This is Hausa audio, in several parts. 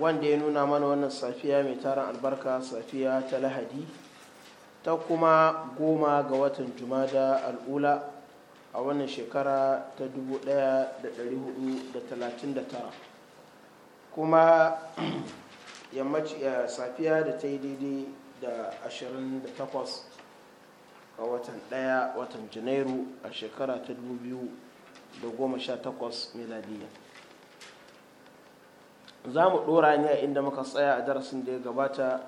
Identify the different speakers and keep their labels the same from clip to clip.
Speaker 1: wanda ya nuna mana wannan safiya mai taron albarka safiya ta lahadi ta kuma goma ga watan jumada al'ula a wannan shekara ta 1439 kuma yammaci eh, safiya da ta yi daidai da 28 ga watan 1 watan janairu a shekara ta 2018 miladiyya za mu ɗora ne a inda muka tsaya a darasin da ya gabata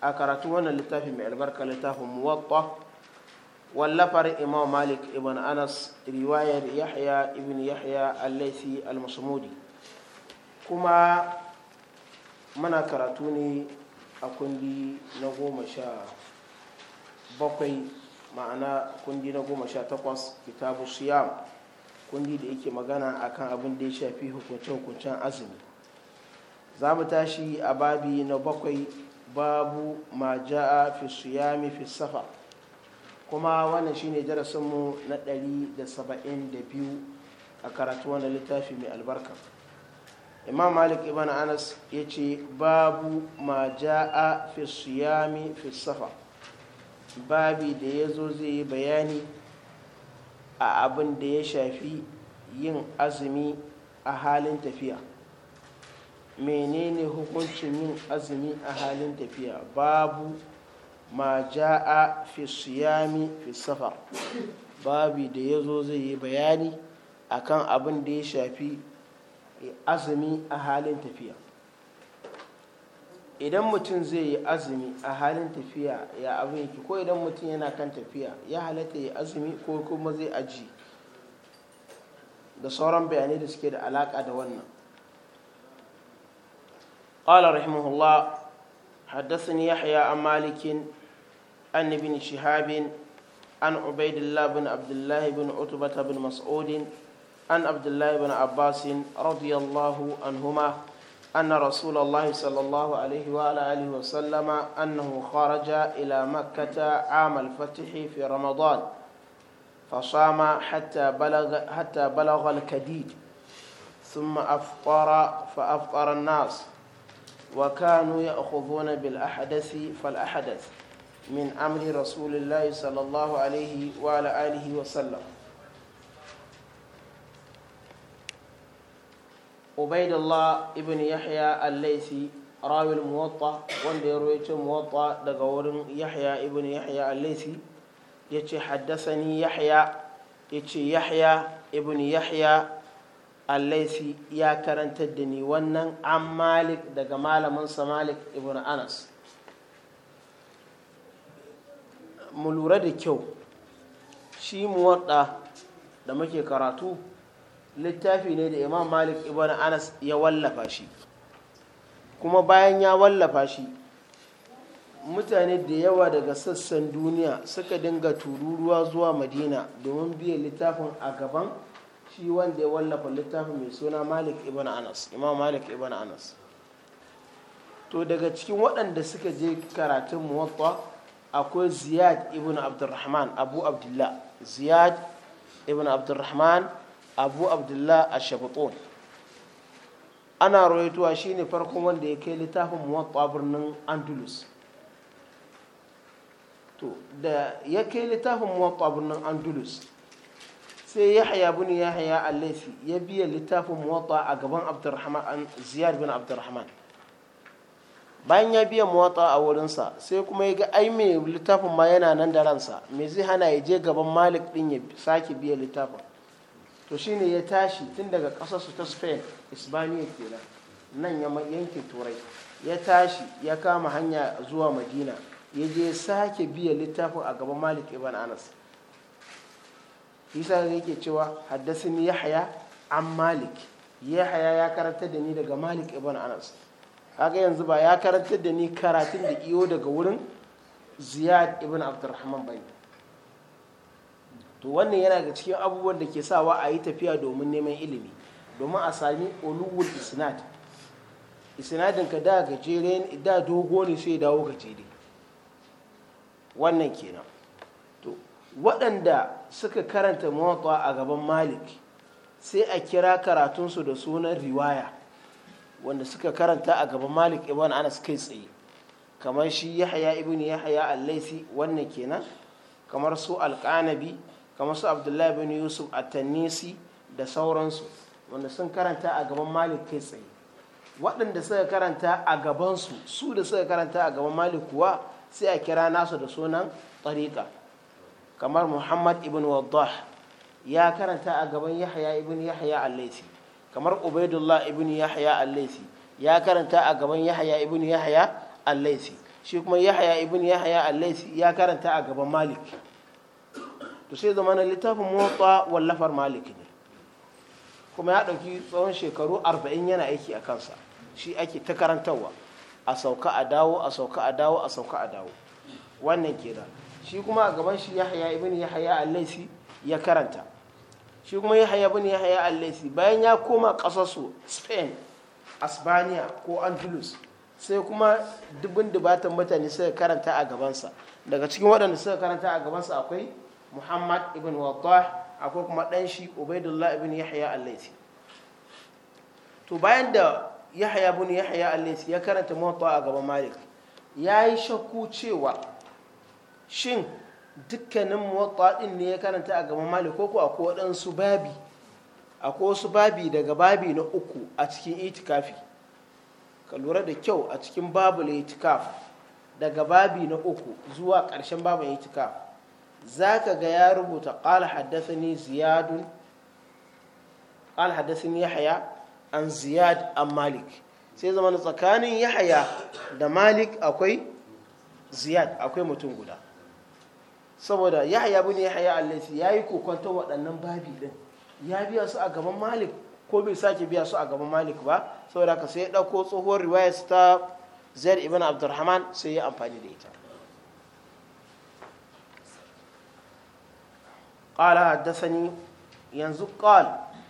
Speaker 1: a karatu wannan littafi mai albarka littafin muwatta wallafar imam malik ibn anas riwayar yahya ibn yahya al-laifi al musamudi kuma mana karatu ne a kundi na goma sha bakwai ma'ana kundi na goma sha takwas kitabu siyam kundi da yake magana akan abin da ya shafi hukunce-hukuncen azumi za mu tashi a babi na bakwai babu ma ja'a fi suyami fi safa kuma wannan shine darasinmu na 172 a karatu wannan littafi mai albarka imam malik ibn anas ya ce babu ma ja'a fi suyami fi safa babi da ya zo zai yi bayani a abin da ya shafi yin azumi a halin tafiya menene hukuncin yin azumi a halin tafiya babu ma ja'a fi siyami fi safa babu da ya zo zai yi bayani kan abin da ya shafi azumi a halin tafiya idan mutum zai yi azumi a halin tafiya ya abu yake ko idan mutum yana kan tafiya ya halatta ya azumi ko kuma zai aji da sauran bayanai da suke da alaka da wannan قال رحمه الله حدثني يحيى عن مالك عن ابن شهاب عن عبيد الله بن عبد الله بن عتبة بن مسعود عن عبد الله بن عباس رضي الله عنهما أن رسول الله صلى الله عليه وعلى آله وسلم أنه خرج إلى مكة عام الفتح في رمضان فصام حتى بلغ حتى بلغ الكديد ثم أفطر فأفطر الناس وكانوا يأخذون بالأحدث فالأحدث من أمر رسول الله صلى الله عليه وعلى آله وسلم عبيد الله ابن يحيى الليثي راوي الموطأ wanda ya rawaito muwatta daga wurin yahya ibn yahya al-laisi yace haddasani yahya yace yahya ibn yahya allaisi ya karantar da ni wannan an malik daga malaminsa malik ibn anas mu lura da kyau shi muwadda da muke karatu littafi ne da imam malik ibn anas ya wallafa shi kuma bayan ya wallafa shi mutane da yawa daga sassan duniya suka dinga tururuwa zuwa madina domin biya littafin a gaban shi wanda ya wallafa littafin mai suna malik ibn anas imam malik ibn anas to daga cikin waɗanda suka je karatun muwatta akwai ziyad ibn abdurrahman abu abdullah ziyad ibn abdurrahman abu abdullah a shabatun ana roituwa shine farkon wanda ya kai littafin muwatta birnin andalus to da ya kai littafin muwatta birnin andalus sai yahaya bin yahaya a laifi ya biya littafin muwatta a gaban abdurrahman ziyar bin abdurrahman bayan ya biya muwatta a wurinsa sai kuma ya ga ai me littafin ma yana nan da ransa me zai hana ya je gaban malik din ya sake biya littafin to shine ya tashi tun daga kasarsu ta spain isbaniya kenan nan ya yanke turai ya tashi ya kama hanya zuwa madina ya je sake biya littafin a gaban malik ibn anas yasa yake cewa ya yahaya an malik haya ya karanta da ni daga malik ibn anas haka yanzu ba ya karanta da ni karatun da iyo daga wurin ziyad ibn abdurrahman bai to wannan yana ga cikin abubuwan da ke sawa a yi tafiya domin neman ilimi domin a sami oluwul isnad isnadin ka da gajere da dogo ne sai dawo gajere wannan kenan waɗanda suka karanta mawaƙa a gaban malik sai a kira karatunsu da sunan riwaya wanda suka karanta a gaban malik ibn anas kai tsaye kamar shi yahaya ibn yahaya allaisi laisi wannan kenan kamar su alƙanabi kamar su abdullahi ibn yusuf at-tanisi da sauransu wanda sun karanta a gaban malik kai tsaye waɗanda suka karanta a gabansu su da suka karanta a gaban malik kuwa sai a kira nasu da sunan tariƙa kamar muhammad ibn waddah ya karanta a gaban yahya ibn yahya al-laisi kamar ubaidullah ibn yahya al-laisi ya karanta a gaban yahya ibn yahya al-laisi shi kuma yahya ibn yahya al-laisi ya karanta a gaban malik to sai zama na littafin motsa wallafar malik ne kuma ya ɗauki tsawon shekaru 40 yana aiki a kansa shi ake ta karantarwa a sauka a dawo a sauka a dawo a sauka a dawo wannan kenan shi kuma a gaban shi yahya ibn yahya al-laisi ya karanta shi kuma yahya ibn yahya laisi bayan ya koma su spain asbaniya ko andalus sai kuma dubin dubatan mutane sai karanta a gabansa daga cikin waɗanda suka karanta a gabansa akwai muhammad ibn wadah akwai kuma ɗan shi ubaidullah ibn yahya to bayan da yahya ibn yahya al ya karanta muwatta a gaban malik ya yi shakku cewa shin dukkanin muwatta din ne ya karanta a gaban malik ko a ko waɗansu babi akwai wasu babi daga babi na uku a cikin itikafi ka lura da kyau a cikin babu itikaf daga babi na uku zuwa ƙarshen babin itikaf za ka ga ya rubuta ƙala haddasani ziyadun ƙala haddasani yahaya an ziyad an malik sai zama na tsakanin yahaya da malik akwai ziyad akwai mutum guda saboda yahya Yahaya yahya allaisi yi kokonta waɗannan babi ɗin ya biya su a gaban malik ko bai sake biya su a gaban malik ba saboda ka sai ɗauko tsohuwar riwayar ta zaid ibn abdurrahman sai ya amfani da ita yanzu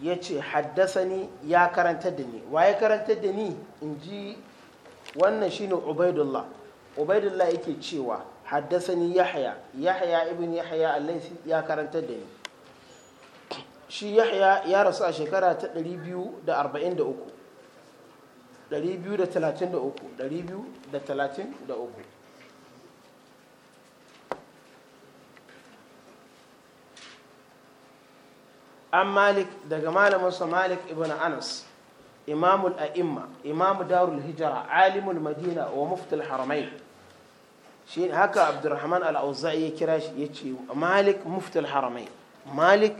Speaker 1: ya ce حدثني ya karanta da ni wa ya karanta da ni in ji wannan shine ubaidullah ubaidullah yake cewa haddasani yahya yahya ibn yahya allaisi ya karantar da ni shi yahya ya rasu a shekara ta 243 233 an malik daga malaminsa malik ibn anas imamul a'imma imamu darul hijira alimul madina wa muftul haramai shi haka abdurrahman al ya kira shi ya ce malik muftul haramai malik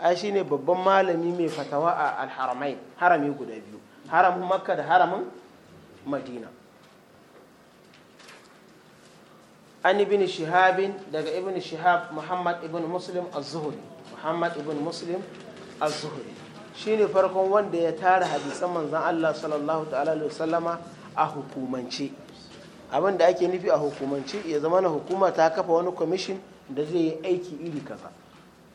Speaker 1: a shi ne babban malami mai fatawa a alharamai haramai harami guda biyu haramin makka da haramin madina an ibini shihabin daga ibn shihab muhammad ibn muslim az-zuhri muhammad ibn muslim az-zuhri shine farkon wanda ya tara hadisan manzon Allah sallallahu ta'ala a hukumance abin da ake nufi a hukumance ya zama na hukuma ta kafa wani kwamishin da zai yi aiki iri kaza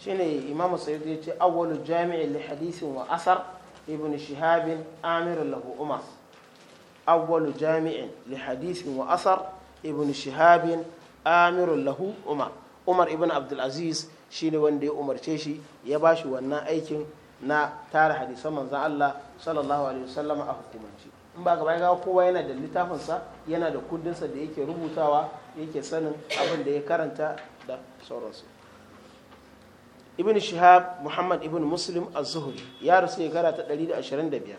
Speaker 1: shine imamu sayyid ya ce awwalu jami'in li hadisin wa asar ibn shihabin amir lahu umar awwalu jami'in li hadisin wa asar ibn shihabin amir lahu umar umar ibn abdul aziz shine wanda ya umarce shi ya bashi wannan aikin na tara hadisan manzon Allah sallallahu alaihi wasallam a hukumance in ba ga ga kowa yana da littafinsa yana da kundinsa da yake rubutawa yake sanin abin da ya karanta da sauransu ibn shihab muhammad ibn muslim az-zuhri ya rasu shekara ta 125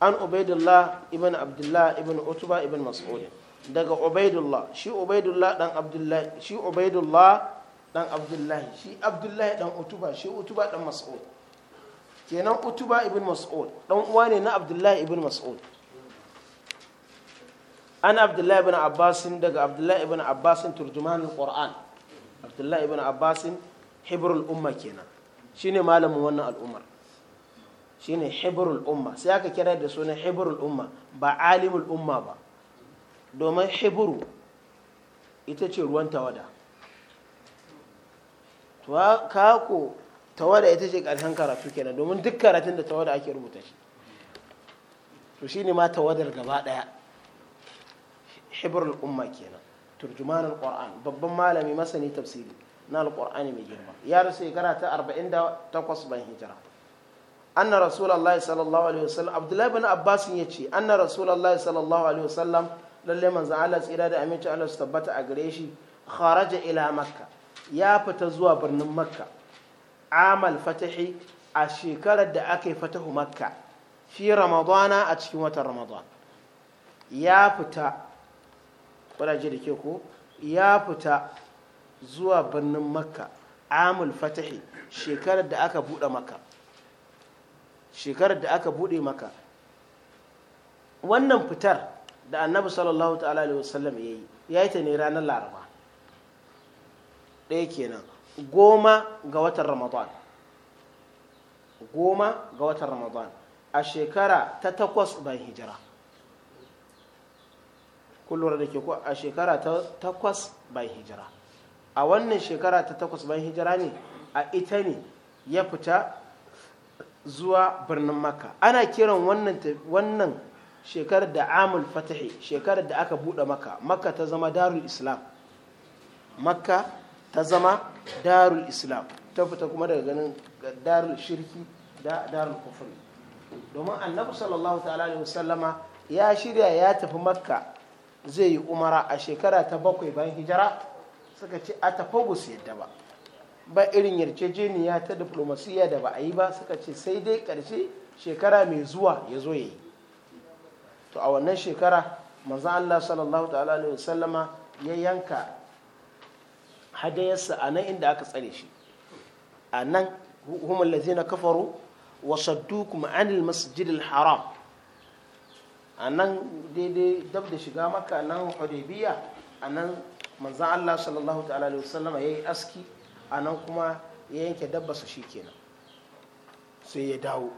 Speaker 1: an ubaidullah ibn abdullah ibn utba ibn mas'ud daga ubaidullah shi ubaidullah dan abdullah shi ubaidullah dan abdullah shi abdullah dan utba shi utba dan mas'ud kenan utuba ibn mas'ud dan uwa ne na abdullahi ibn mas'ud Ana abdullahi ibn abbasin daga abdullahi ibn abbasin turjuman al-qur'an abdullahi ibn abbasin umma kenan shine malamin wannan al'ummar shine hibrul umma sai aka kira da sunan hibrul umma ba alimul umma ba domin hibru ita ce ruwan tawada kako tawada ita ce karshen karatu kenan domin duk karatun da tawada ake rubuta shi to shine ma tawadar gaba ɗaya. hibrul umma kenan turjumanin qur'an babban malami masani tafsiri na alqur'ani mai girma ya rasu shekara ta 48 ban hijira abdullahi bin abbas ya ce anna rasulullahi sallallahu alaihi wasallam tsira da aminci tabbata a gare shi kharaja ila makka ya fita zuwa birnin makka amal fatahi a shekarar da aka fatahu makka fi ramadana a cikin watan ya fita ƙwaraje da ke ko ya fita zuwa birnin makka amul fatahi shekarar da aka bude maka shekarar da aka bude maka wannan fitar da annabi sallallahu ta'ala alaihi wasallam ya yi ya yi ta ne ranar laraba ɗaya kenan goma ga watan ramadan goma ga watan ramadan a shekara ta takwas bayan hijira kullum da ke ko a shekara ta takwas bai hijira a wannan shekara ta takwas bai hijira ne a ita ne ya fita zuwa birnin makka ana kiran wannan shekarar da amul fatahi shekarar da aka buɗe maka makka ta zama darul islam makka ta zama darul islam ta fita kuma daga ganin darul shirki da darul kufri domin annabi sallallahu ta'ala alaihi wasallama ya shirya ya tafi makka zai yi umara a shekara ta bakwai bayan hijira suka ce a tafa ba yadda ba ba irin yarjejeniya ta diplomasiya da ba a yi ba suka ce sai dai ƙarshe shekara mai zuwa ya zo ya yi to a wannan shekara manzan allah sallallahu ta'ala alaihi wasallama ya yanka hadayarsa a nan inda aka tsare shi a nan humar lazina kafaru wa kuma anil masjidil haram a nan daidai dab da shiga maka nan hudaybiya a nan manzan Allah sallallahu ta'ala alaihi wasallama ya yi aski a nan kuma ya yanke dabbasa shi kenan sai ya dawo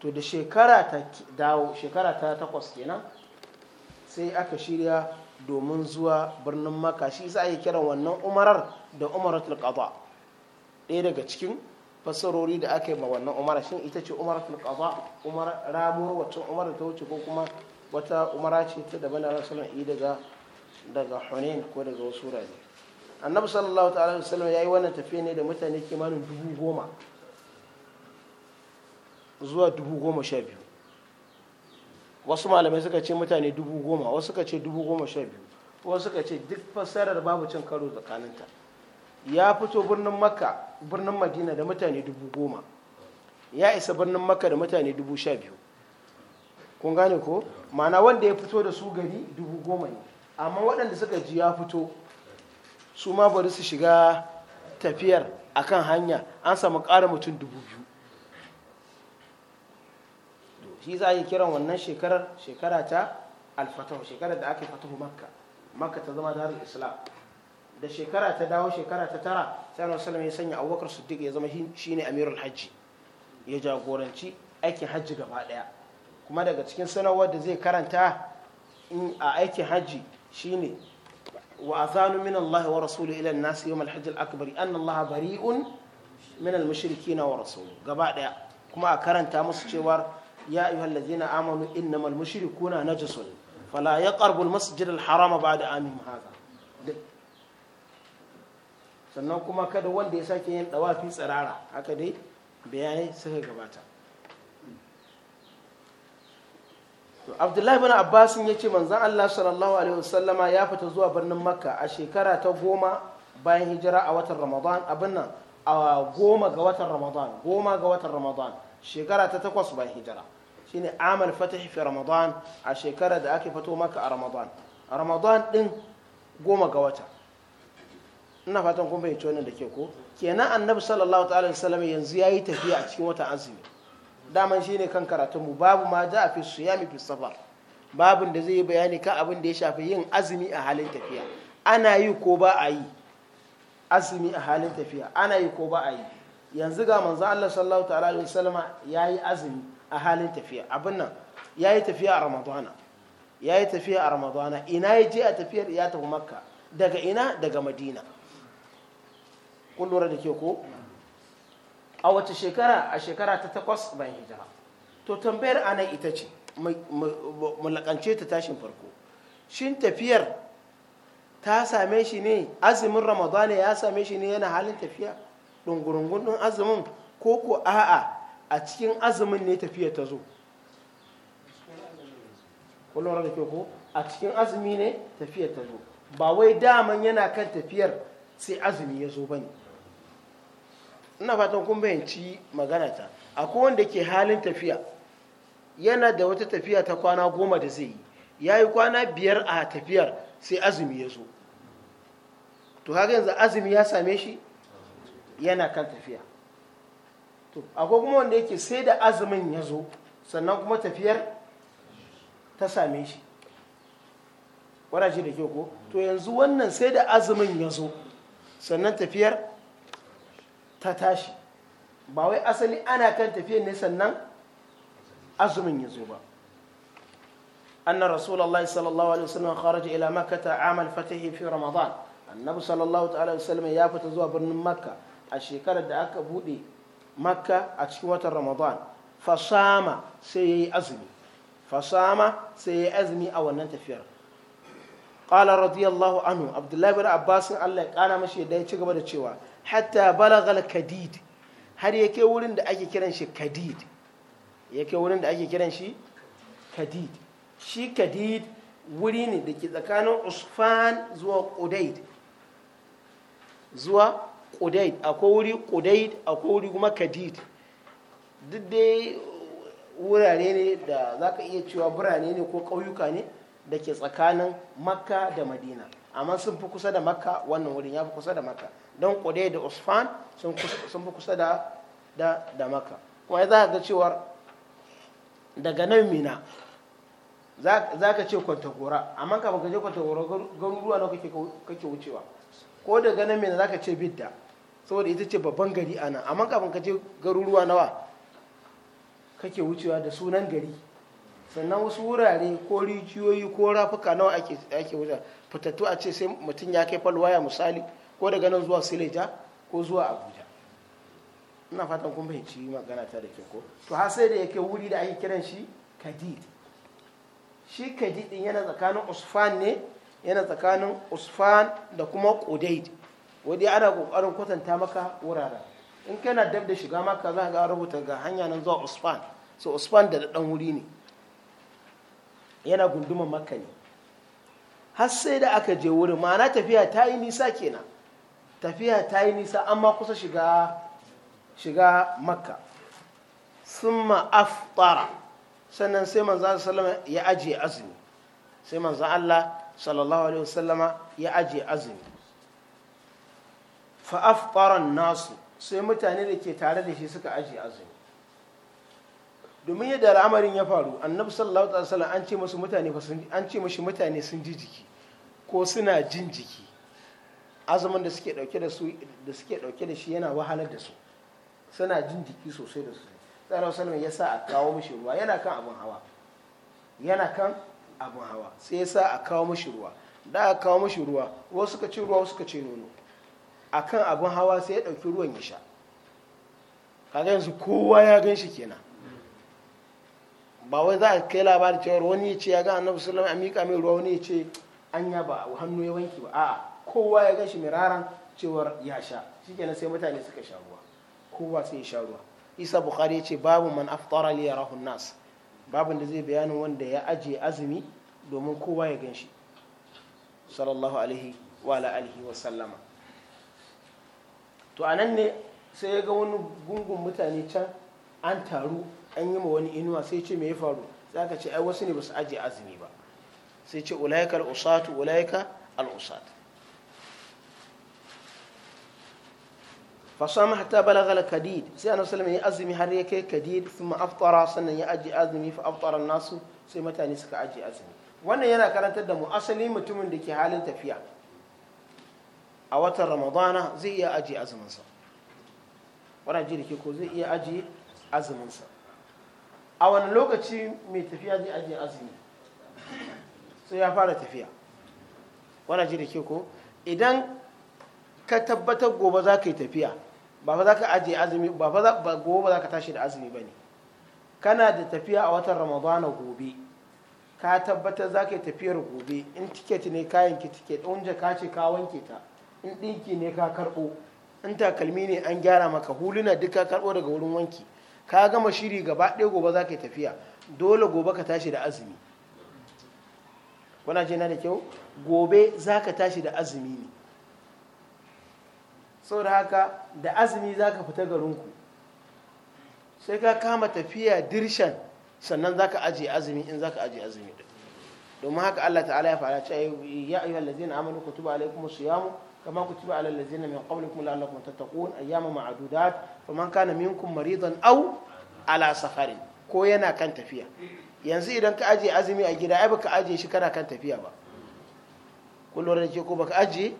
Speaker 1: to da shekara ta dawo shekara ta takwas kenan sai aka shirya domin zuwa birnin maka shi za a yi kiran wannan umarar da umaratul qada ɗaya daga cikin fassarori da aka yi ma wannan umara shin ita ce umaratul qada umar ramuwar wacce umar ta wuce ko kuma wata umara ce ta da bana rasulun i daga daga hunain ko daga wasu wurare annabi sallallahu ta'ala wasallam ya yi wannan tafiya ne da mutane kimanin dubu goma zuwa dubu goma sha biyu wasu malamai suka ce mutane dubu goma wasu suka ce dubu goma sha biyu wasu suka ce duk fasarar babu cin karo tsakaninta ya fito birnin makka birnin madina da mutane dubu goma ya isa birnin makka da mutane dubu sha biyu kun gane ko ma'ana wanda ya fito da su gari dubu goma ne amma waɗanda suka ji ya fito su ma bari su shiga tafiyar akan hanya an samu ƙara mutum dubu biyu shi za a yi kiran wannan shekarar shekara ta alfatahu shekarar da aka yi fatahu makka makka ta zama darul islam da shekara ta dawo shekara ta tara sai na sallallahu ya sanya abubakar su ya zama ne amirul hajji ya jagoranci aikin hajji gaba daya kuma daga cikin sanarwar da zai karanta a aikin hajji shine wa azanu min Allah wa rasulu ila an-nas yawm al-hajj al-akbar anna Allah bari'un min al-mushrikeen wa rasulu gaba daya kuma a karanta musu cewar ya ayyuhallazina amanu innamal mushrikuuna najasun fala yaqrabu al-masjid al-harama ba'da amin hadha sannan kuma kada wanda ya sake yin dawafi tsirara haka dai bayanai suka gabata abdullahi bin abbas ya ce manzan allah sallallahu alaihi wasallama ya fita zuwa birnin makka a shekara ta goma bayan hijira a watan ramadan abin nan a goma ga watan ramadan goma ga watan ramadan shekara ta takwas bayan hijira shine amal fatih fi ramadan a shekara da ake fito Makka a ramadan ramadan din goma ga wata ina fatan kun bai wannan da ke ko kenan annabi sallallahu ta'ala wasallam yanzu yi tafiya a cikin watan azumi daman shine kan karatunmu babu ma za a fi siyami fi safar babin da zai yi bayani kan abin da ya shafi yin azumi a halin tafiya ana yi ko ba a yi azumi a halin tafiya ana yi ko ba a yi yanzu ga manzo Allah sallallahu ta'ala alaihi wasallama yayi azumi a halin tafiya abin nan yayi tafiya a ramadana yayi tafiya a ramadana ina ya je a tafiyar ya tafi makka daga ina daga madina kun da ke ko a wace shekara a shekara ta takwas bayan hijira to tambayar anan ita ce mulakance ta tashin farko shin tafiyar ta same shi ne azumin ramadana ya same shi ne yana halin tafiya ɗungurungun ɗin azumin ko ko a'a a cikin azumin ne tafiya ta zo a cikin azumi ne tafiya ta zo ba wai daman yana kan tafiyar sai azumi ya zo ba ne ina fatan kun bayanci magana ta akwai wanda ke halin tafiya yana da wata tafiya ta kwana goma da zai yi ya yi kwana biyar a tafiyar sai azumi ya zo to haka yanzu azumi ya same shi yana kan tafiya to akwai kuma wanda yake sai da azumin ya zo sannan kuma tafiyar ta same shi wadace da ke ko to yanzu wannan sai da azumin ya zo sannan tafiyar ta tashi ba wai asali ana kan tafiyar ne sannan azumin ya zo ba anna rasulullahi sallallahu alaihi wasallam kharaja ila makkata amal fatihi fi ramadan annabi sallallahu wasallam ya fita zuwa birnin makka a shekarar da aka bude makka a cikin watan ramadan fasama sai yayi azumi fasama sai yayi azumi a wannan tafiyar qala radiyallahu anhu abdullahi bin abbas Allah ya kana mashi da ya ci gaba da cewa hatta balagal kadid har ya kai wurin da ake kiran shi kadid ya kai wurin da ake kiran shi kadid shi kadid wuri ne da ke tsakanin usfan zuwa kudaid zuwa kudaid akwai wuri kudaid akwai wuri kuma kadid duk dai wurare ne da za ka iya cewa birane ne ko ƙauyuka ne da ke tsakanin makka da madina amma sun fi kusa da makka wannan wurin ya fi kusa da makka don kudai da usfan sun fi kusa da da makka kuma ya za ga cewar daga nan mina za ka ce kwantagora amma ka ka je kwantagora garuruwa na kake wucewa ko daga nan mina za ka ce bidda saboda ita ce babban gari a nan amma kafin ka je garuruwa nawa kake wucewa da sunan gari sannan wasu wurare ko rijiyoyi ko rafuka nawa ake wucewa fitattu a ce sai mutum ya kai falwaya misali ko daga nan zuwa sileja ko zuwa abuja ina fatan kun fahimci magana ta da ke ko to har sai da yake wuri da ake kiran shi kadid shi kadid din yana tsakanin usfan ne yana tsakanin usfan da kuma kudaid wadda ana kokarin kwatanta maka wuraren in kana dab da shiga maka za ga rubuta ga hanya nan zuwa usfan so usfan da dan wuri ne yana gunduman makka ne har sai da aka je wurin ma'ana tafiya ta yi nisa kenan tafiya ta yi nisa amma kusa shiga shiga makka summa aftara sannan sai manzo sallama ya aje azumi sai manzo Allah sallallahu alaihi wasallama ya aje azumi fa aftara nasu sai mutane da ke tare da shi suka aje azumi domin yadda al'amarin ya faru annabi sallallahu alaihi wasallam an ce musu mutane an ce mushi mutane sun ji jiki ko suna jin jiki azumin da suke dauke da su da suke dauke da shi yana wahalar da su suna jin jiki sosai da sosai sallallahu alaihi ya sa a kawo mushi ruwa yana kan abin hawa yana kan abin hawa sai ya sa a kawo mushi ruwa da a kawo mushi ruwa wasu suka ce ruwa wasu suka ce nono akan abin hawa sai ya dauki ruwan ya sha kaga yanzu kowa ya gan shi kenan ba wai za a kai labari cewar wani ya ce ya ga annabi sallallahu alaihi wasallam a miƙa mai ruwa wani ya ce anya ba hannu ya wanki ba a'a kowa ya ga shi miraran cewar ya sha shikenan sai mutane suka sha ruwa kowa sai ya sha ruwa isa bukhari ya ce babu man aftara li yarahu nas babin da zai bayanin wanda ya aje azumi domin kowa ya gan sallallahu alaihi wa alihi wa sallama to anan ne sai ya ga wani gungun mutane can an taru an yi ma wani inuwa sai ce me ya faru za ka ce ai wasu ne ba su ajiye azumi ba sai ce ulaika al'usatu ulaika al'usat fasama hatta balagha kadid sai annabi sallallahu alaihi azumi har ya kai kadid thumma aftara sannan ya ajiye azumi fa aftara nasu sai mutane suka ajiye azumi wannan yana karantar da mu asali mutumin da ke halin tafiya a watan ramadana zai iya ajiye azuminsa da ke ko zai iya ajiye azuminsa a wani lokaci mai tafiya zai ajiye azumi sai ya fara tafiya wana ji da ke ko idan ka tabbatar gobe za ka yi tafiya ba fa za ka ajiye azumi ba fa gobe za ka tashi da azumi ba ne kana da tafiya a watan ramadana gobe ka tabbatar za ka yi tafiyar gobe in tiketi ne kayan ki tiket in jaka ce ka wanke ta in ɗinki ne ka karɓo in takalmi ne an gyara maka huluna duk ka karɓo daga wurin wanki ka gama shiri gaba ɗaya gobe za ka yi tafiya dole gobe ka tashi da azumi kuna jina da kyau gobe za ka tashi da azumi ne Sau da haka da azumi za ka fita garinku sai ka kama tafiya dirshan sannan za ka ajiye azumi in za ka ajiye azumi domin haka allah ta'ala ya fara cewa ya ayyuhallazina amanu kutuba alaikumus siyamu كما كتب على الذين من قبلكم لعلكم تتقون أيام معدودات فمن كان منكم مريضا أو على سفر ko yana kan tafiya yanzu idan ka ajiye azumi a gida ai baka ajiye shi kana kan tafiya ba kullum da ke ko baka ajiye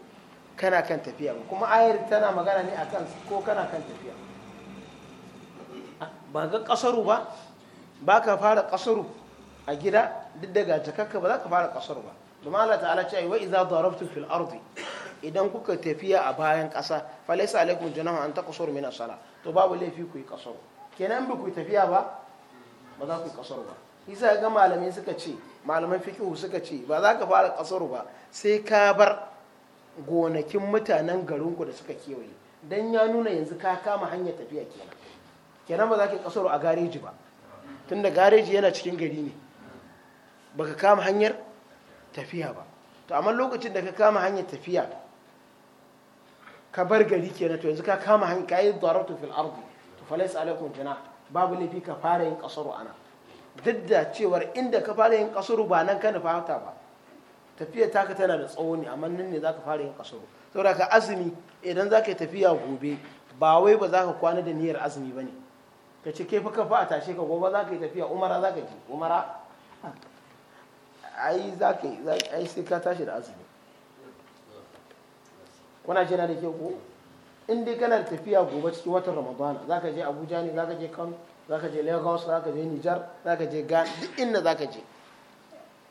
Speaker 1: kana kan tafiya ba kuma ayar tana magana ne akan ko kana kan tafiya ba ga kasaru ba ba ka fara kasaru a gida duk daga jakakka ba za ka fara kasaru ba domin ta'ala ce wa idza fil ardi idan kuka tafiya a bayan ƙasa falaisa alaikum junahu an taqsur min as-sala to babu laifi ku yi kasar kenan ba ku tafiya ba ba za ku yi kasar ba isa ga malamai suka ce malaman fiqhu suka ce ba za ka fara kasar ba sai ka bar gonakin mutanen garinku da suka kewaye dan ya nuna yanzu ka kama hanyar tafiya kenan kenan ba za ka yi kasar a gareji ba tunda gareji yana cikin gari ne baka kama hanyar tafiya ba to amma lokacin da ka kama hanyar tafiya ka bar gari kenan to yanzu ka kama hankali kayi darabtu fil ardi to falaysa alaikum babu laifi ka fara yin kasaru ana duk da cewar inda ka fara yin kasaru ba nan ka nufa ba tafiya taka tana da tsawo ne amma nan ne ka fara yin kasaru saboda ka azumi idan zaka yi tafiya gobe ba wai ba za ka kwana da niyyar azumi ba ne ka ce ke fa ka fa a tashe ka gobe za ka yi tafiya umara za ka ji umara ai za ka yi ai sai ka tashi da azumi kuna na da ke ko in dai kana tafiya gobe cikin watan ramadana za ka je abuja ne za ka je kano za ka je lagos za ka je nijar za ka je ghana duk inda za ka je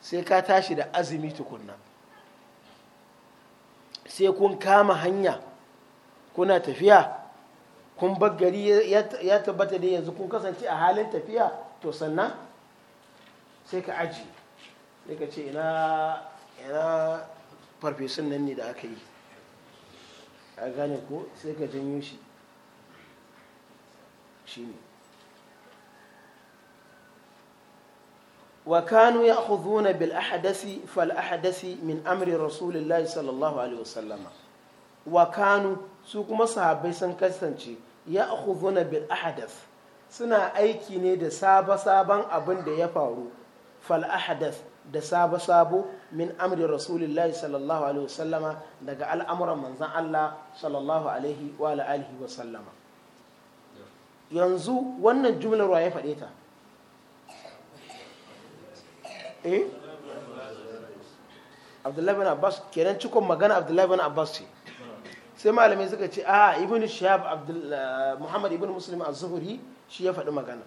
Speaker 1: sai ka tashi da azumi tukunna sai kun kama hanya kuna tafiya kun bar gari ya tabbata da yanzu kun kasance a halin tafiya to sannan sai ka aji sai ka ce ina farfesun nan ne da aka yi a gane ko sai ka janyo shi ne wa kanu na bil ahdasi fal ahdasi min amri rasulillahi sallallahu alaihi wasallama wa kanu su kuma sahabbai sun kasance ya na bil ahdas suna aiki ne da saba sabon abin da ya faru fal ahdas da sabo-sabo min amri rasulullahi sallallahu alaihi wasallama daga al'amuran manzan Allah sallallahu alaihi wa alihi wasallama yanzu wannan jumlar wa ya faɗe ta eh abdullahi bin abbas kenan cikon magana abdullahi bin abbas ce sai malamai suka ce a ibn shahab muhammad ibn muslim az-zuhri shi ya faɗi magana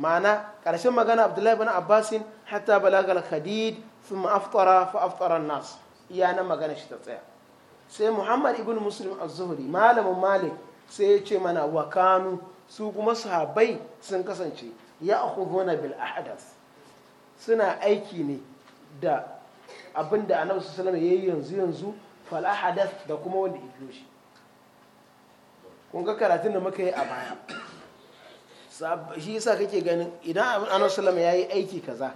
Speaker 1: ma'ana ƙarshen magana abdullahi bin abbasin hatta balagal khadid sun aftara fa nas iya na magana shi ta tsaya sai muhammad ibn muslim az-zuhri malamin malik sai ya ce mana wa kanu su kuma sahabai sun kasance ya akhuduna bil ahadas suna aiki ne da abinda annabi sallallahu alaihi wasallam yanzu yanzu fal da kuma wanda ya biyo shi kun ga karatun da muka yi a baya shi yasa kake ganin idan annabi sallama yayi aiki kaza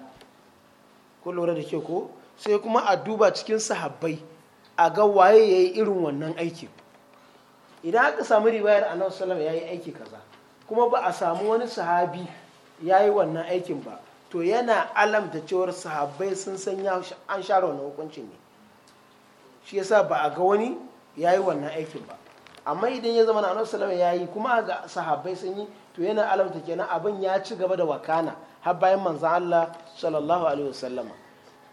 Speaker 1: ko lura da ke ko sai kuma a duba cikin sahabbai a ga waye yayi irin wannan aikin idan aka samu riwayar annabi sallama yayi aiki kaza kuma ba a samu wani sahabi yayi wannan aikin ba to yana alam da cewar sahabbai sun san an share wannan hukuncin ne shi yasa ba a ga wani yayi wannan aikin ba amma idan ya zama na annabi sallama yayi kuma ga sahabbai sun yi to yana alamta kenan abin ya ci gaba da wakana har bayan manzan Allah sallallahu alaihi wasallama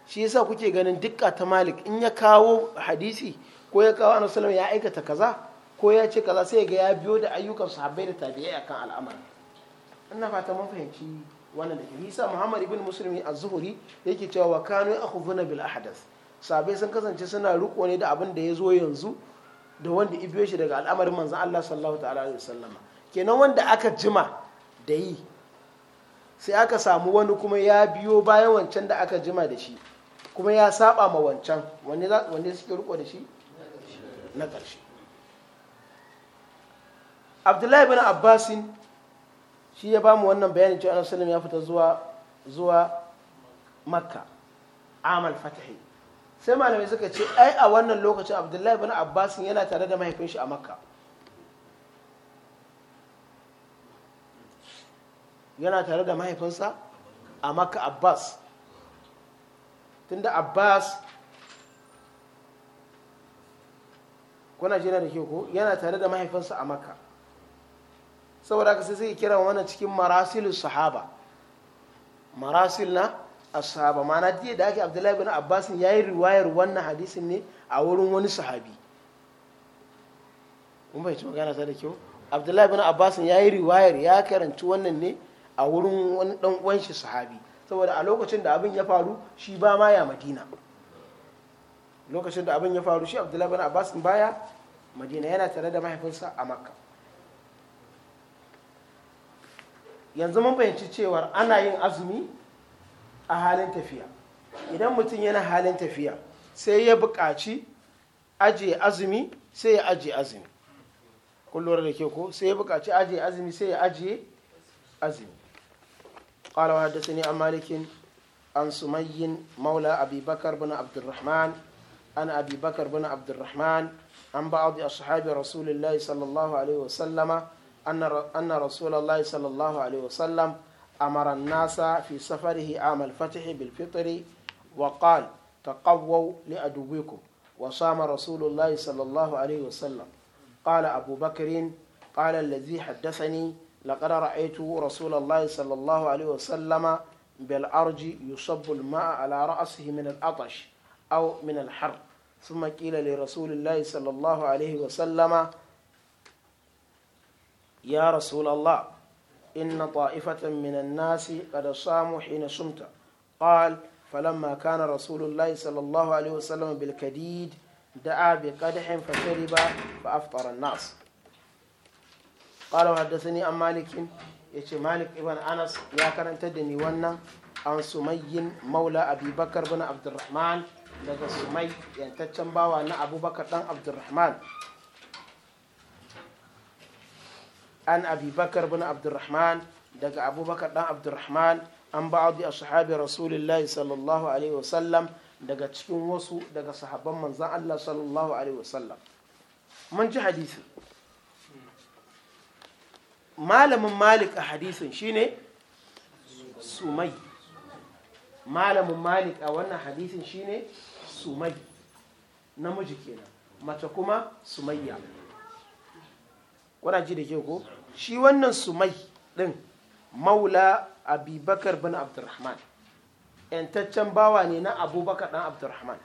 Speaker 1: shi yasa kuke ganin dukka ta malik in ya kawo hadisi ko ya kawo annabi sallallahu ya aikata kaza ko ya ce kaza sai ga ya biyo da ayyukan sahabbai da tabi'ai akan al'amari ina fata mun fahimci wannan da ke yasa Muhammad ibn Muslim az-Zuhri yake cewa wa kanu akhuduna bil ahdath sahabbai sun kasance suna riko ne da abin da ya zo yanzu da wanda ibiyo shi daga al'amarin manzan Allah sallallahu alaihi wasallama kenan wanda aka jima da yi sai aka samu wani kuma ya biyo bayan wancan da aka jima da shi kuma ya saba ma wancan wanda suke riko da shi na ƙarshe abdullahi bin abbasin shi ya ba mu wannan bayanin cewa annabi ya fita zuwa zuwa makka amal fatahi sai malamai suka ce ai a wannan lokacin abdullahi bin abbasin yana tare da mahaifin shi a makka yana tare da mahaifinsa a maka abbas tunda abbas kuna jira da ke ko yana tare da mahaifinsa a maka saboda ka sai sai kira wannan cikin marasilu sahaba marasil na sahaba mana diya da ake abdullahi bin abbas ya yi riwayar wannan hadisin ne a wurin wani sahabi mun bai ci magana ta da kyau abdullahi bin abbas ya yi riwayar ya karanci wannan ne a wurin wani dan uwan shi sahabi saboda a lokacin da abin ya faru shi ba ma ya madina lokacin da abin ya faru shi abdullahi bin abbas baya madina yana tare da mahaifinsa a makka yanzu mun fahimci cewar ana yin azumi a halin tafiya idan mutum yana halin tafiya sai ya buƙaci ajiye azumi sai ya ajiye azumi kullum da ke ko sai ya buƙaci ajiye azumi sai ya ajiye azumi قال وحدثني عن مالك عن سمي مولى أبي بكر بن عبد الرحمن عن أبي بكر بن عبد الرحمن عن بعض أصحاب رسول الله صلى الله عليه وسلم أن أن رسول الله صلى الله عليه وسلم أمر الناس في سفره عام الفتح بالفطر وقال تقووا لأدوكم وصام رسول الله صلى الله عليه وسلم قال أبو بكر قال الذي حدثني لقد رأيت رسول الله صلى الله عليه وسلم بالأرج يصب الماء على رأسه من العطش أو من الحر ثم قيل لرسول الله صلى الله عليه وسلم يا رسول الله إن طائفة من الناس قد صاموا حين صمت قال فلما كان رسول الله صلى الله عليه وسلم بالكديد دعا بقدح فشرب فأفطر الناس qala haddathani an malikin ya ce malik ibn anas ya karanta da ni wannan an sumayyin maula abubakar bin abdurrahman daga sumai yantaccen bawa na abubakar dan abdurrahman an abubakar bin abdurrahman daga abubakar dan abdurrahman an ba'adu a sahabi rasulullahi sallallahu alaihi wasallam daga cikin wasu daga sahabban manzan allah sallallahu alaihi wasallam mun ji hadisi malamin malik a hadisin shine sumai malamin malik a wannan hadisin shine sumai namiji kenan mace kuma sumayya kuna ji da ke ko shi wannan sumai din maula abubakar bin abdurrahman yantaccen bawa ne na abubakar dan abdurrahman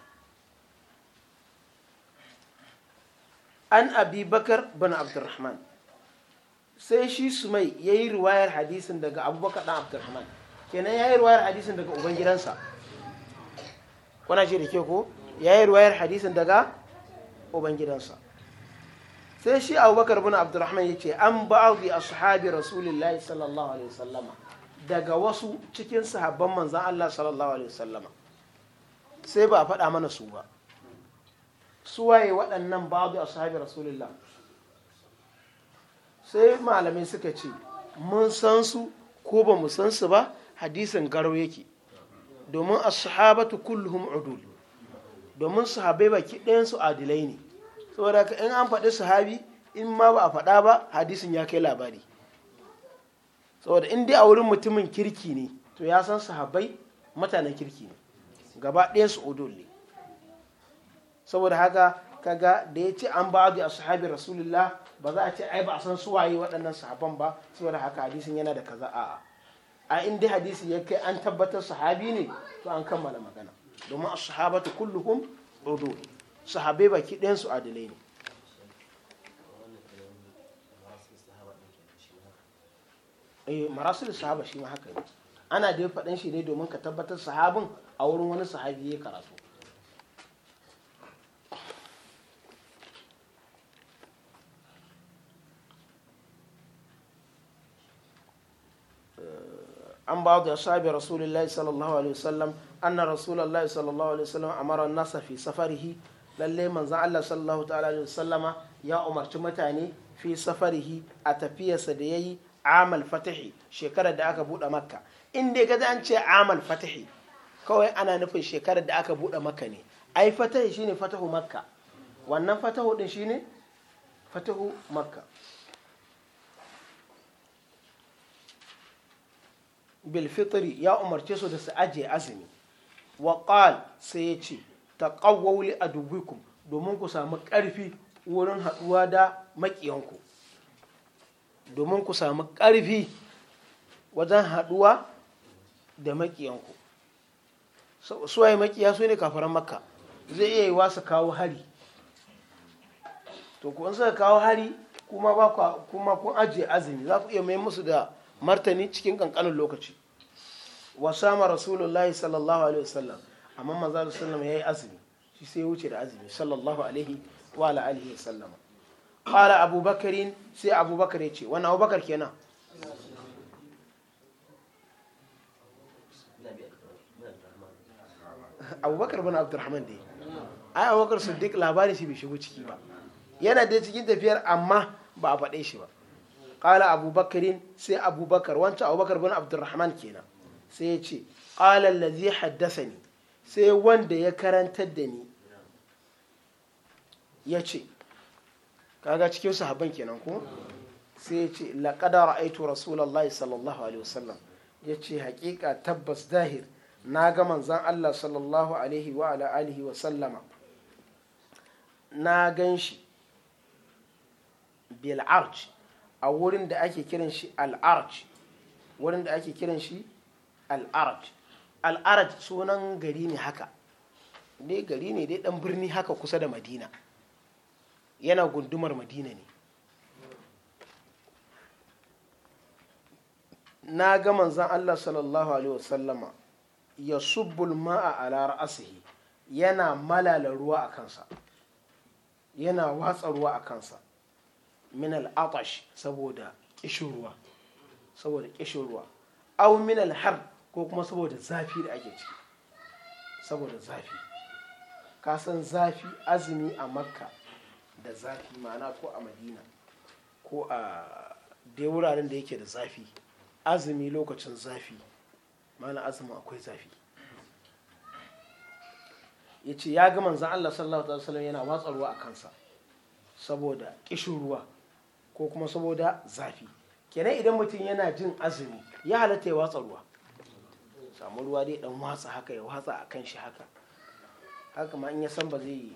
Speaker 1: an abubakar bin abdurrahman sai shi mai ya yi riwayar hadisin daga abubakar ɗan abdurrahman kenan ya yi riwayar hadisin daga ubangidansa kuna shi da ke ko ya yi riwayar hadisin daga ubangidansa sai shi abubakar bin abdurrahman ya ce an ba'adu ashabi rasulillahi sallallahu alaihi wasallama daga wasu cikin sahabban manzan Allah sallallahu alaihi wasallama sai ba a faɗa mana su ba su waye waɗannan ba'adu ashabi rasulillah sai malamai suka ce mun san su ko ba mu san su ba hadisin garo yake domin ashabatu kulluhum udul domin sahabai baki ɗayan su adilai ne saboda ka in an faɗi sahabi in ma ba a faɗa ba hadisin ya kai labari saboda in dai a wurin mutumin kirki ne to ya san sahabai mutanen kirki ne gaba ɗayansu su udul ne saboda haka kaga da ya ce an ba'adu a sahabi rasulullah ba za a ce ai ba a san suwaye waɗannan sahaban ba saboda haka hadisin yana da kaza a in dai hadisi ya kai an tabbatar sahabi ne to an kammala magana domin a sahabatu kulluhum udul sahabai baki ɗayan su adalai ne eh marasul sahaba shi ma haka ne ana dai shi ne domin ka tabbatar sahabin a wurin wani sahabi ya karatu an ba da shabi rasulullahi sallallahu alaihi wasallam anna rasulullahi sallallahu alaihi wasallam amara nasa fi safarihi lalle manzon Allah sallallahu ta'ala alaihi wasallama ya umarci mutane fi safarihi a tafiyarsa da yayi amal fatahi shekarar da aka bude makka in dai ga an ce amal fatahi kawai ana nufin shekarar da aka bude makka ne ai fatahi shine fatahu makka wannan fatahu din shine fatahu makka bil ya umarce su da su ajiye azumi wa qal sai ya ce taqawwaw li adubikum domin ku samu ƙarfi wurin haɗuwa da maƙiyanku domin ku samu ƙarfi wajen haɗuwa da maƙiyanku suwaye makiya su ne kafaran makka zai iya yi wasu kawo hari to ku suka kawo hari kuma kun ajiye azumi za ku iya mai musu da martani cikin kankanin lokaci wa sama rasulullahi sallallahu alaihi wasallam amma manzo ya yi azumi shi sai ya wuce da azumi sallallahu alaihi wa ala alihi wasallam qala abubakarin sai abubakar ya ce wani abubakar kenan abubakar bin abdurrahman dai ai abubakar siddiq labarin shi bai shigo ciki ba yana da cikin tafiyar amma ba a faɗe shi ba qala abubakarin sai abubakar wancan abubakar bin abdurrahman kenan sai ya ce qala allazi ni sai wanda ya karantar da ni ya ce kaga cikin sahabban kenan ko sai ya ce laqad ra'aytu rasulullahi sallallahu alaihi wasallam ya ce haƙiƙa tabbas zahir na ga manzan Allah sallallahu alaihi wa ala alihi wa sallama na ganshi shi bil'arj a wurin da ake kiran shi al'arj wurin da ake kiran shi al'arj al'arj sunan gari ne haka dai gari ne dai dan birni haka kusa da madina yana gundumar madina ne na ga manzan allah sallallahu alaihi wasallama ya subbul ma'a ala ra'asihi yana malala ruwa a kansa yana watsa ruwa a kansa Minal al'atash saboda kishin ruwa saboda kishin ruwa aw min har ko kuma saboda zafi da ake ciki saboda zafi ka san zafi azumi a makka da zafi ma'ana ko a madina ko a dai wuraren da yake da zafi azumi lokacin zafi ma'ana azumin akwai zafi ya ce ya gama za'an Allah sallallahu alaihi wasallam yana watsarwa a kansa saboda kishin ruwa ko kuma saboda zafi kenan idan mutum yana jin azumi ya halatta ya watsa ruwa samu ruwa dai dan watsa haka ya watsa a kan shi haka haka ma in ya san ba zai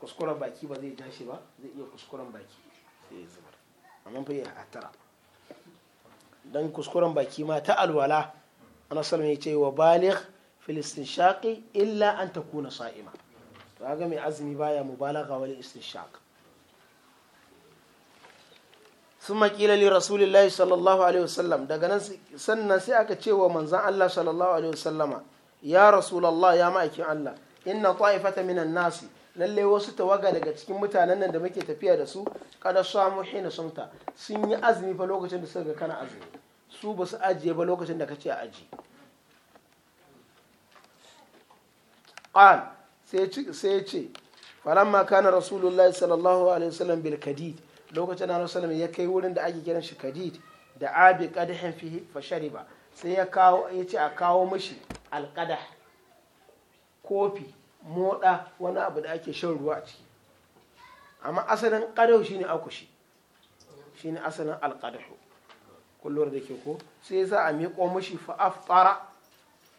Speaker 1: kuskuren baki ba zai tashi ba zai iya kuskuren baki sai ya zubar amma fa ya tara dan kuskuren baki ma ta alwala ana salma ya ce wa baligh fil istinshaqi illa an takuna sa'ima to ga mai azumi baya mubalagha wal istinshaq ثم قيل لرسول الله صلى الله عليه وسلم daga nan sannan sai aka ce wa manzon Allah sallallahu alaihi wasallama ya rasulullah ya ma'aikin Allah inna ta'ifata minan nasi lalle wasu tawaga daga cikin mutanen nan da muke tafiya da su kada samu hina sumta sun yi azumi fa lokacin da suka kana azumi su ba su ajiye ba lokacin da kace aji qal sai sai ce falamma kana rasulullahi sallallahu alaihi wasallam bil kadid lokacin annabi sallam ya kai wurin da ake kiran shi kadid da abi qadahin fihi fa shariba sai ya kawo ya ce a kawo mashi alqadah kofi moda wani abu da ake shan ruwa a ciki amma asalin qadahu shine akushi shine asalin alqadahu kullum da ke ko sai za a miƙo mashi fa aftara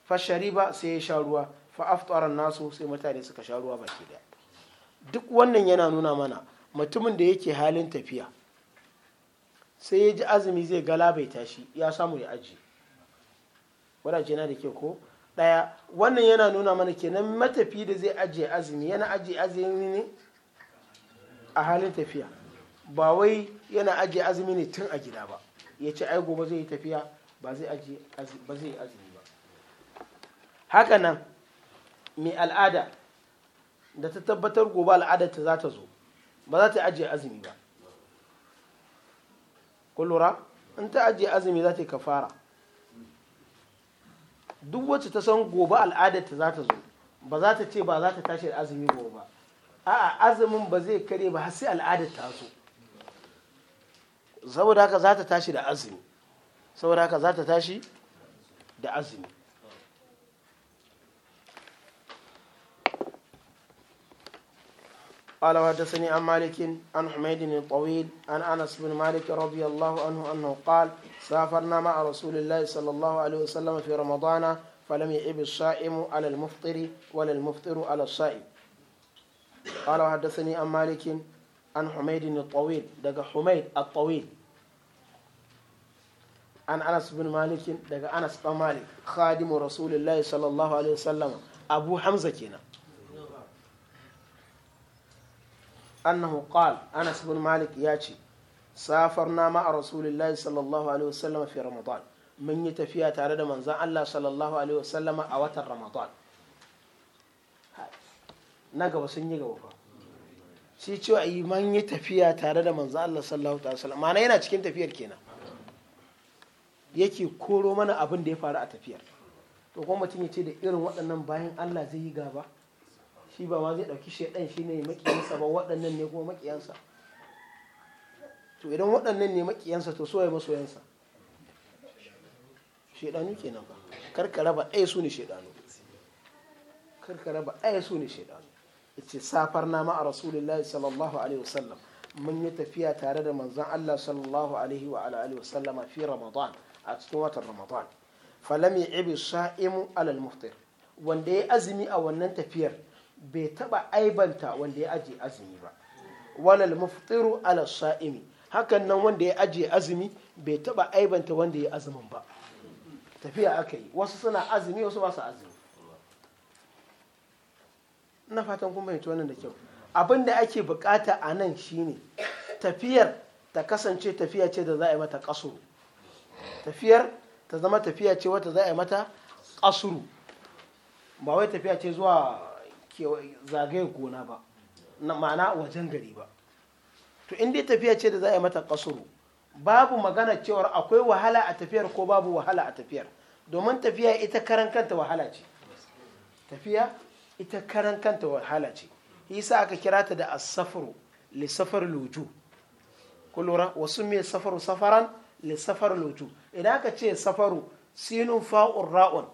Speaker 1: fa shariba sai ya sha ruwa fa aftara nasu sai mutane suka sha ruwa baki daya duk wannan yana nuna mana mutumin da yake halin tafiya sai ya ji azumi zai galabaita tashi ya samu ya aji wadace na da ke ko ɗaya wannan yana nuna mana kenan matafi da zai ajiye azumi yana ajiye azumi ne a halin tafiya ba wai yana ajiye azumi ne tun a gida ba ya ce ai gobe zai yi tafiya ba zai azumi ba haka mai al'ada da ta tabbatar gobe al'adar ta za ta zo ba za ta ajiye azumi ba kullura in ta ajiye azumi za ta yi kafara duk wacce ta san gobe al'adarta za ta zo ba za ta ce ba za ta tashi da azumi gobe ba a'a azumin ba zai kare ba har sai al'adar ta zo saboda haka za ta tashi da azumi saboda haka za ta tashi da azumi قال وحدثني عن مالك عن حميد الطويل عن انس بن مالك رضي الله عنه انه قال سافرنا مع رسول الله صلى الله عليه وسلم في رمضان فلم يئب الصائم على المفطر ولا المفطر على الصائم قال وحدثني عن مالك عن حميد الطويل دق حميد الطويل عن انس بن مالك دق انس بن مالك خادم رسول الله صلى الله عليه وسلم ابو حمزه كنا annahu qal anas bin malik ya ce safarna ma a rasulillahi sallallahu alaihi wasallam fi ramadan mun yi tafiya tare da manzan Allah sallallahu alaihi wasallam a watan ramadan na gaba sun yi gaba fa sai cewa yi man yi tafiya tare da manzan Allah sallallahu alaihi wasallam mana yana cikin tafiyar kenan yake koro mana abin da ya faru a tafiyar to kuma mutum ya ce da irin waɗannan bayan Allah zai yi gaba shi ba ma zai ɗauki shaidan shi ne makiyansa ba waɗannan ne kuma makiyansa to idan waɗannan ne makiyansa to soya masoyansa shaidanu kenan ba karkara ba ɗaya su ne shaidanu karkara ba ɗaya su ne shaidanu ce safar na ma a rasulullahi sallallahu alaihi wasallam mun yi tafiya tare da manzan Allah sallallahu alaihi wa alaihi wasallam fi ramadan a cikin watan ramadan falam ibi sha'imu alal muftir wanda ya azumi a wannan tafiyar bai taba aibanta wanda ya aje azumi ba walal muftiru ala sha'imi hakan nan wanda ya aje azumi bai taba aibanta wanda ya azumin ba tafiya aka yi wasu suna azumi wasu ba su azumi na fatan kuma fahimci wannan da kyau abin da ake bukata a nan shine tafiyar ta kasance tafiya ce da za a yi mata kasuru tafiyar ta zama tafiya ce wata za a yi mata kasuru ba wai tafiya ce zuwa ke zagaye gona ba ma'ana wajen gari ba to in dai tafiya ce da za a yi mata kasuru babu magana cewar akwai wahala a tafiyar ko babu wahala a tafiyar domin tafiya ita karan kanta wahala ce tafiya ita karan kanta wahala ce yasa aka kira ta da safaru lissafar luju ku lura wasu mai safaru safaran lissafar luju idan aka ce safaru sinun fa'un ra'un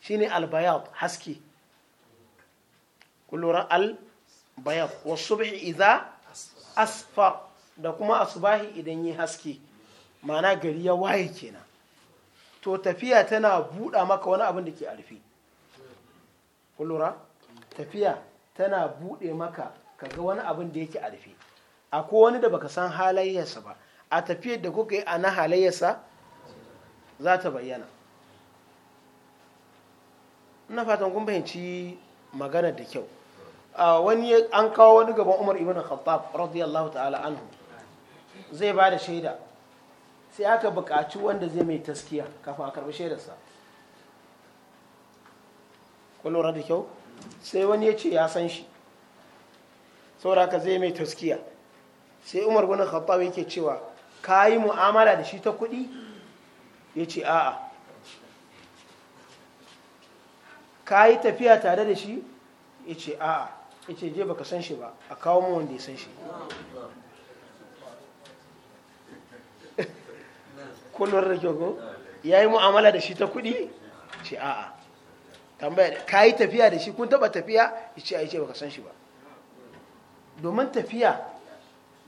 Speaker 1: shine albayat haske kullura al bayan wasu idza asfar da kuma asubahi idan yi haske mana gari ya waye kenan to tafiya tana buɗa maka wani abin da ke arfi kullura tafiya tana buɗe maka ka ga wani abin da yake a akwai wani da baka san halayyarsa ba a tafiyar da kuka yi a na halayyarsa za ta bayyana ina fatan kun fahimci magana da kyau wani an kawo wani gaban umar ibn khattab radiyallahu ta'ala anhu zai ba da shaida sai aka buƙaci wanda zai mai taskiya kafin a karbi shaidarsa ku lura da kyau sai wani ya ce ya san shi sauraka zai mai taskiya sai umar ibn khattab yake cewa ka yi mu'amala da shi ta kuɗi ya ce a'a ka yi tafiya tare da shi ya ce a'a ya ce je baka san shi ba a kawo mu wanda ya san shi kullum da ko ya yi mu'amala da shi ta kuɗi ce a'a tambaya ka yi tafiya da shi kun taba tafiya ya ce a yi ce baka san shi ba domin tafiya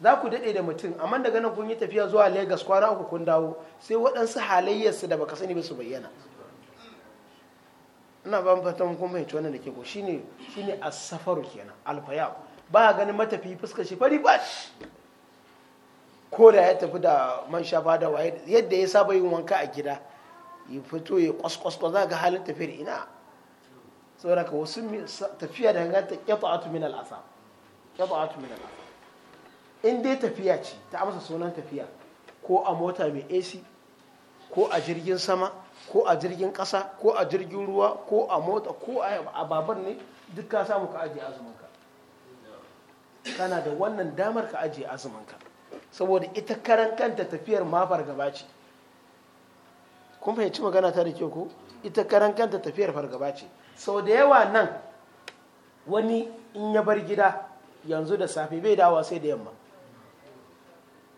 Speaker 1: za ku daɗe da mutum amma daga nan kun yi tafiya zuwa lagos kwana uku kun dawo sai waɗansu halayyarsu da baka sani ba su bayyana ina ba fatan kun fahimci wannan da ke ko shine shine as-safaru kenan alfaya fayab ba ganin matafi fuskar shi fari ba shi ko da ya tafi da man shafa da waye yadda ya saba yin wanka a gida ya fito ya kwaskwasko za ga halin tafiyar ina saboda ka wasu tafiya da hangata qata'atu min al-asab qata'atu min al-asab in dai tafiya ce ta amsa sunan tafiya ko a mota mai AC ko a jirgin sama ko a jirgin ƙasa ko a jirgin ruwa ko a mota ko a babar ne duk ka samu ka ajiye azuminka kana da wannan damar ka ajiye azuminka saboda ita karan kanta tafiyar mafar gaba ce kun fahimci magana ta da kyau ko ita karan kanta tafiyar fargaba ce sau da yawa nan wani in ya bar gida yanzu da safe bai dawa sai da yamma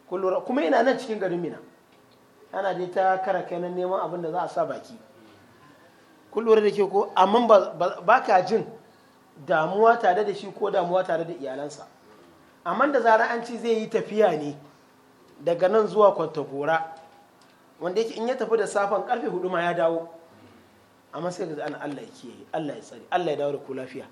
Speaker 1: kuma yana nan cikin garin mina ana dai ta kara kenan neman abin da za a sa baki kun lura da ke ko amma ba ka jin damuwa tare da shi ko damuwa tare da iyalansa amma da zara an ci zai yi tafiya ne daga nan zuwa kwantakora wanda yake in ya tafi da safan karfe hudu ma ya dawo amma sai ga ana Allah ya kiyaye Allah ya tsari Allah ya dawo da ku lafiya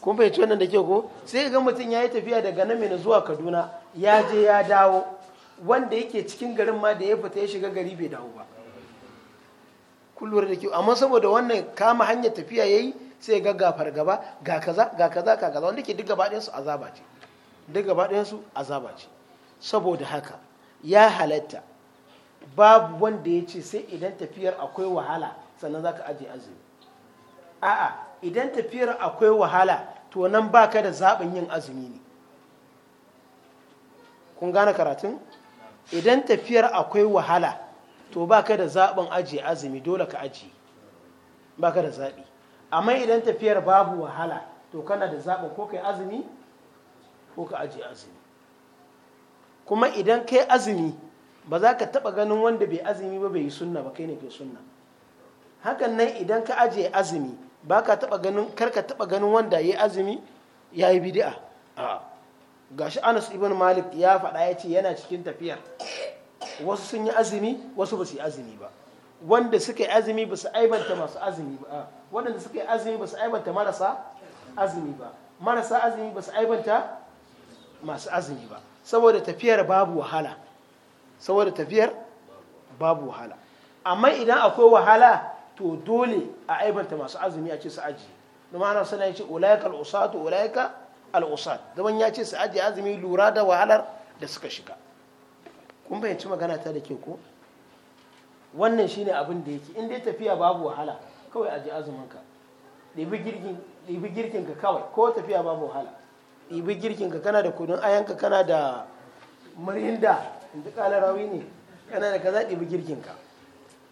Speaker 1: kun fahimci wannan da ke ko sai ga mutum ya yi tafiya daga nan mai zuwa Kaduna ya je ya dawo wanda yake cikin garin ma da ya fita ya shiga gari bai dawo ba kullum da kyau amma saboda wannan kama hanyar tafiya yayi sai ga gafar gaba, ga kaza ga kaza ga kaza wanda ke duk gaba ɗayansu azaba ce duk gaba ɗayansu azaba ce saboda haka ya halatta babu wanda ya ce sai idan tafiyar akwai wahala sannan za ka ajiye azumi a'a idan tafiyar akwai wahala to nan baka da zaɓin yin azumi ne kun gane karatun idan tafiyar akwai wahala to ba ka da zaɓin ajiye azumi dole ka ajiye ba ka da zaɓi amma idan tafiyar babu wahala to kana da zaɓin ko ka yi azumi ko ka ajiye azumi kuma idan ka yi azumi ba za ka taɓa ganin wanda bai azumi ba bai yi sunna ba kai ne ke sunna hakan nan idan ka ajiye azumi ba ka taɓa ganin kar ka taɓa ganin wanda ya yi azumi ya yi bidi'a a'a gashi anas ibn malik ya faɗa ya ce yana cikin tafiyar wasu sun yi azumi wasu ba su yi azumi ba wanda suka yi azumi ba su aibanta masu azumi ba wanda suka yi azumi ba su aibanta marasa azumi ba marasa azumi ba su aibanta masu azumi ba saboda tafiyar babu wahala saboda tafiyar babu wahala amma idan akwai wahala to dole a aibanta masu azumi a ce su aji domin ana ya ce ulaika usatu ulaika al'usad zaman ya ce su ajiye azumi lura da wahalar da suka shiga kun bayanci magana ta da ke ko wannan shine abin da yake in dai tafiya babu wahala kawai aji azumin ka ɗibi girkin ka kawai ko tafiya babu wahala ɗibi girkin ka kana da kudin ayanka kana da murinda inda kala rawi ne kana da kaza ɗibi girkin ka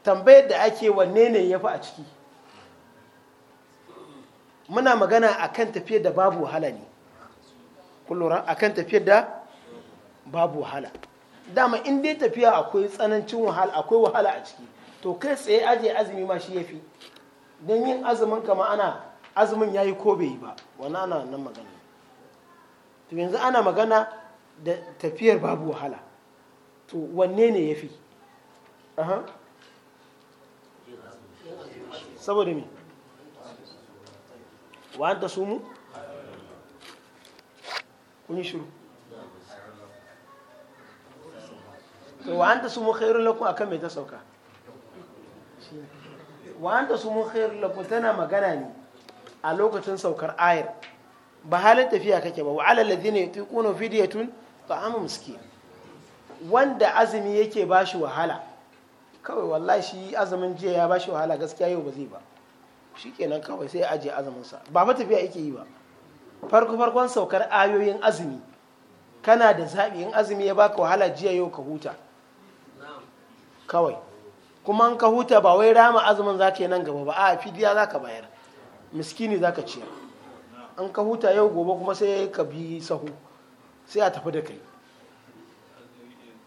Speaker 1: tambayar da ake wanne ne ya fi a ciki muna magana akan tafiya da babu wahala ne kullura akan tafiyar da babu wahala dama in dai tafiya akwai tsanancin wahala akwai wahala a ciki to kai tsaye ajiye azumi ma shi ya fi don yin azumin kama ana azumin ya yi ko bai ba wani ana nan magana to yanzu ana magana da tafiyar babu wahala to wanne ne ya fi saboda me wa'anta su mu kun yi shiru to wa anta sumu khairul lakum akan mai ta sauka wa anta sumu khairul lakum tana magana ne a lokacin saukar ayar ba halin tafiya kake ba wa alal ladina yutiquna fidyatun ta'amu miskin wanda azumi yake bashi wahala kawai wallahi shi azumin jiya ya bashi wahala gaskiya yau ba zai ba shikenan kawai sai ya ajiye azumin sa ba fa tafiya yake yi ba farko farkon saukar ayoyin azumi kana da zaɓi in azumi ya baka wahala jiya yau ka huta kawai kuma an ka huta ba wai rama azumin za ka yi nan gaba ba a fidiya za ka bayar miskini za ka ciyar an ka huta yau gobe kuma sai ka bi sahu sai a tafi da kai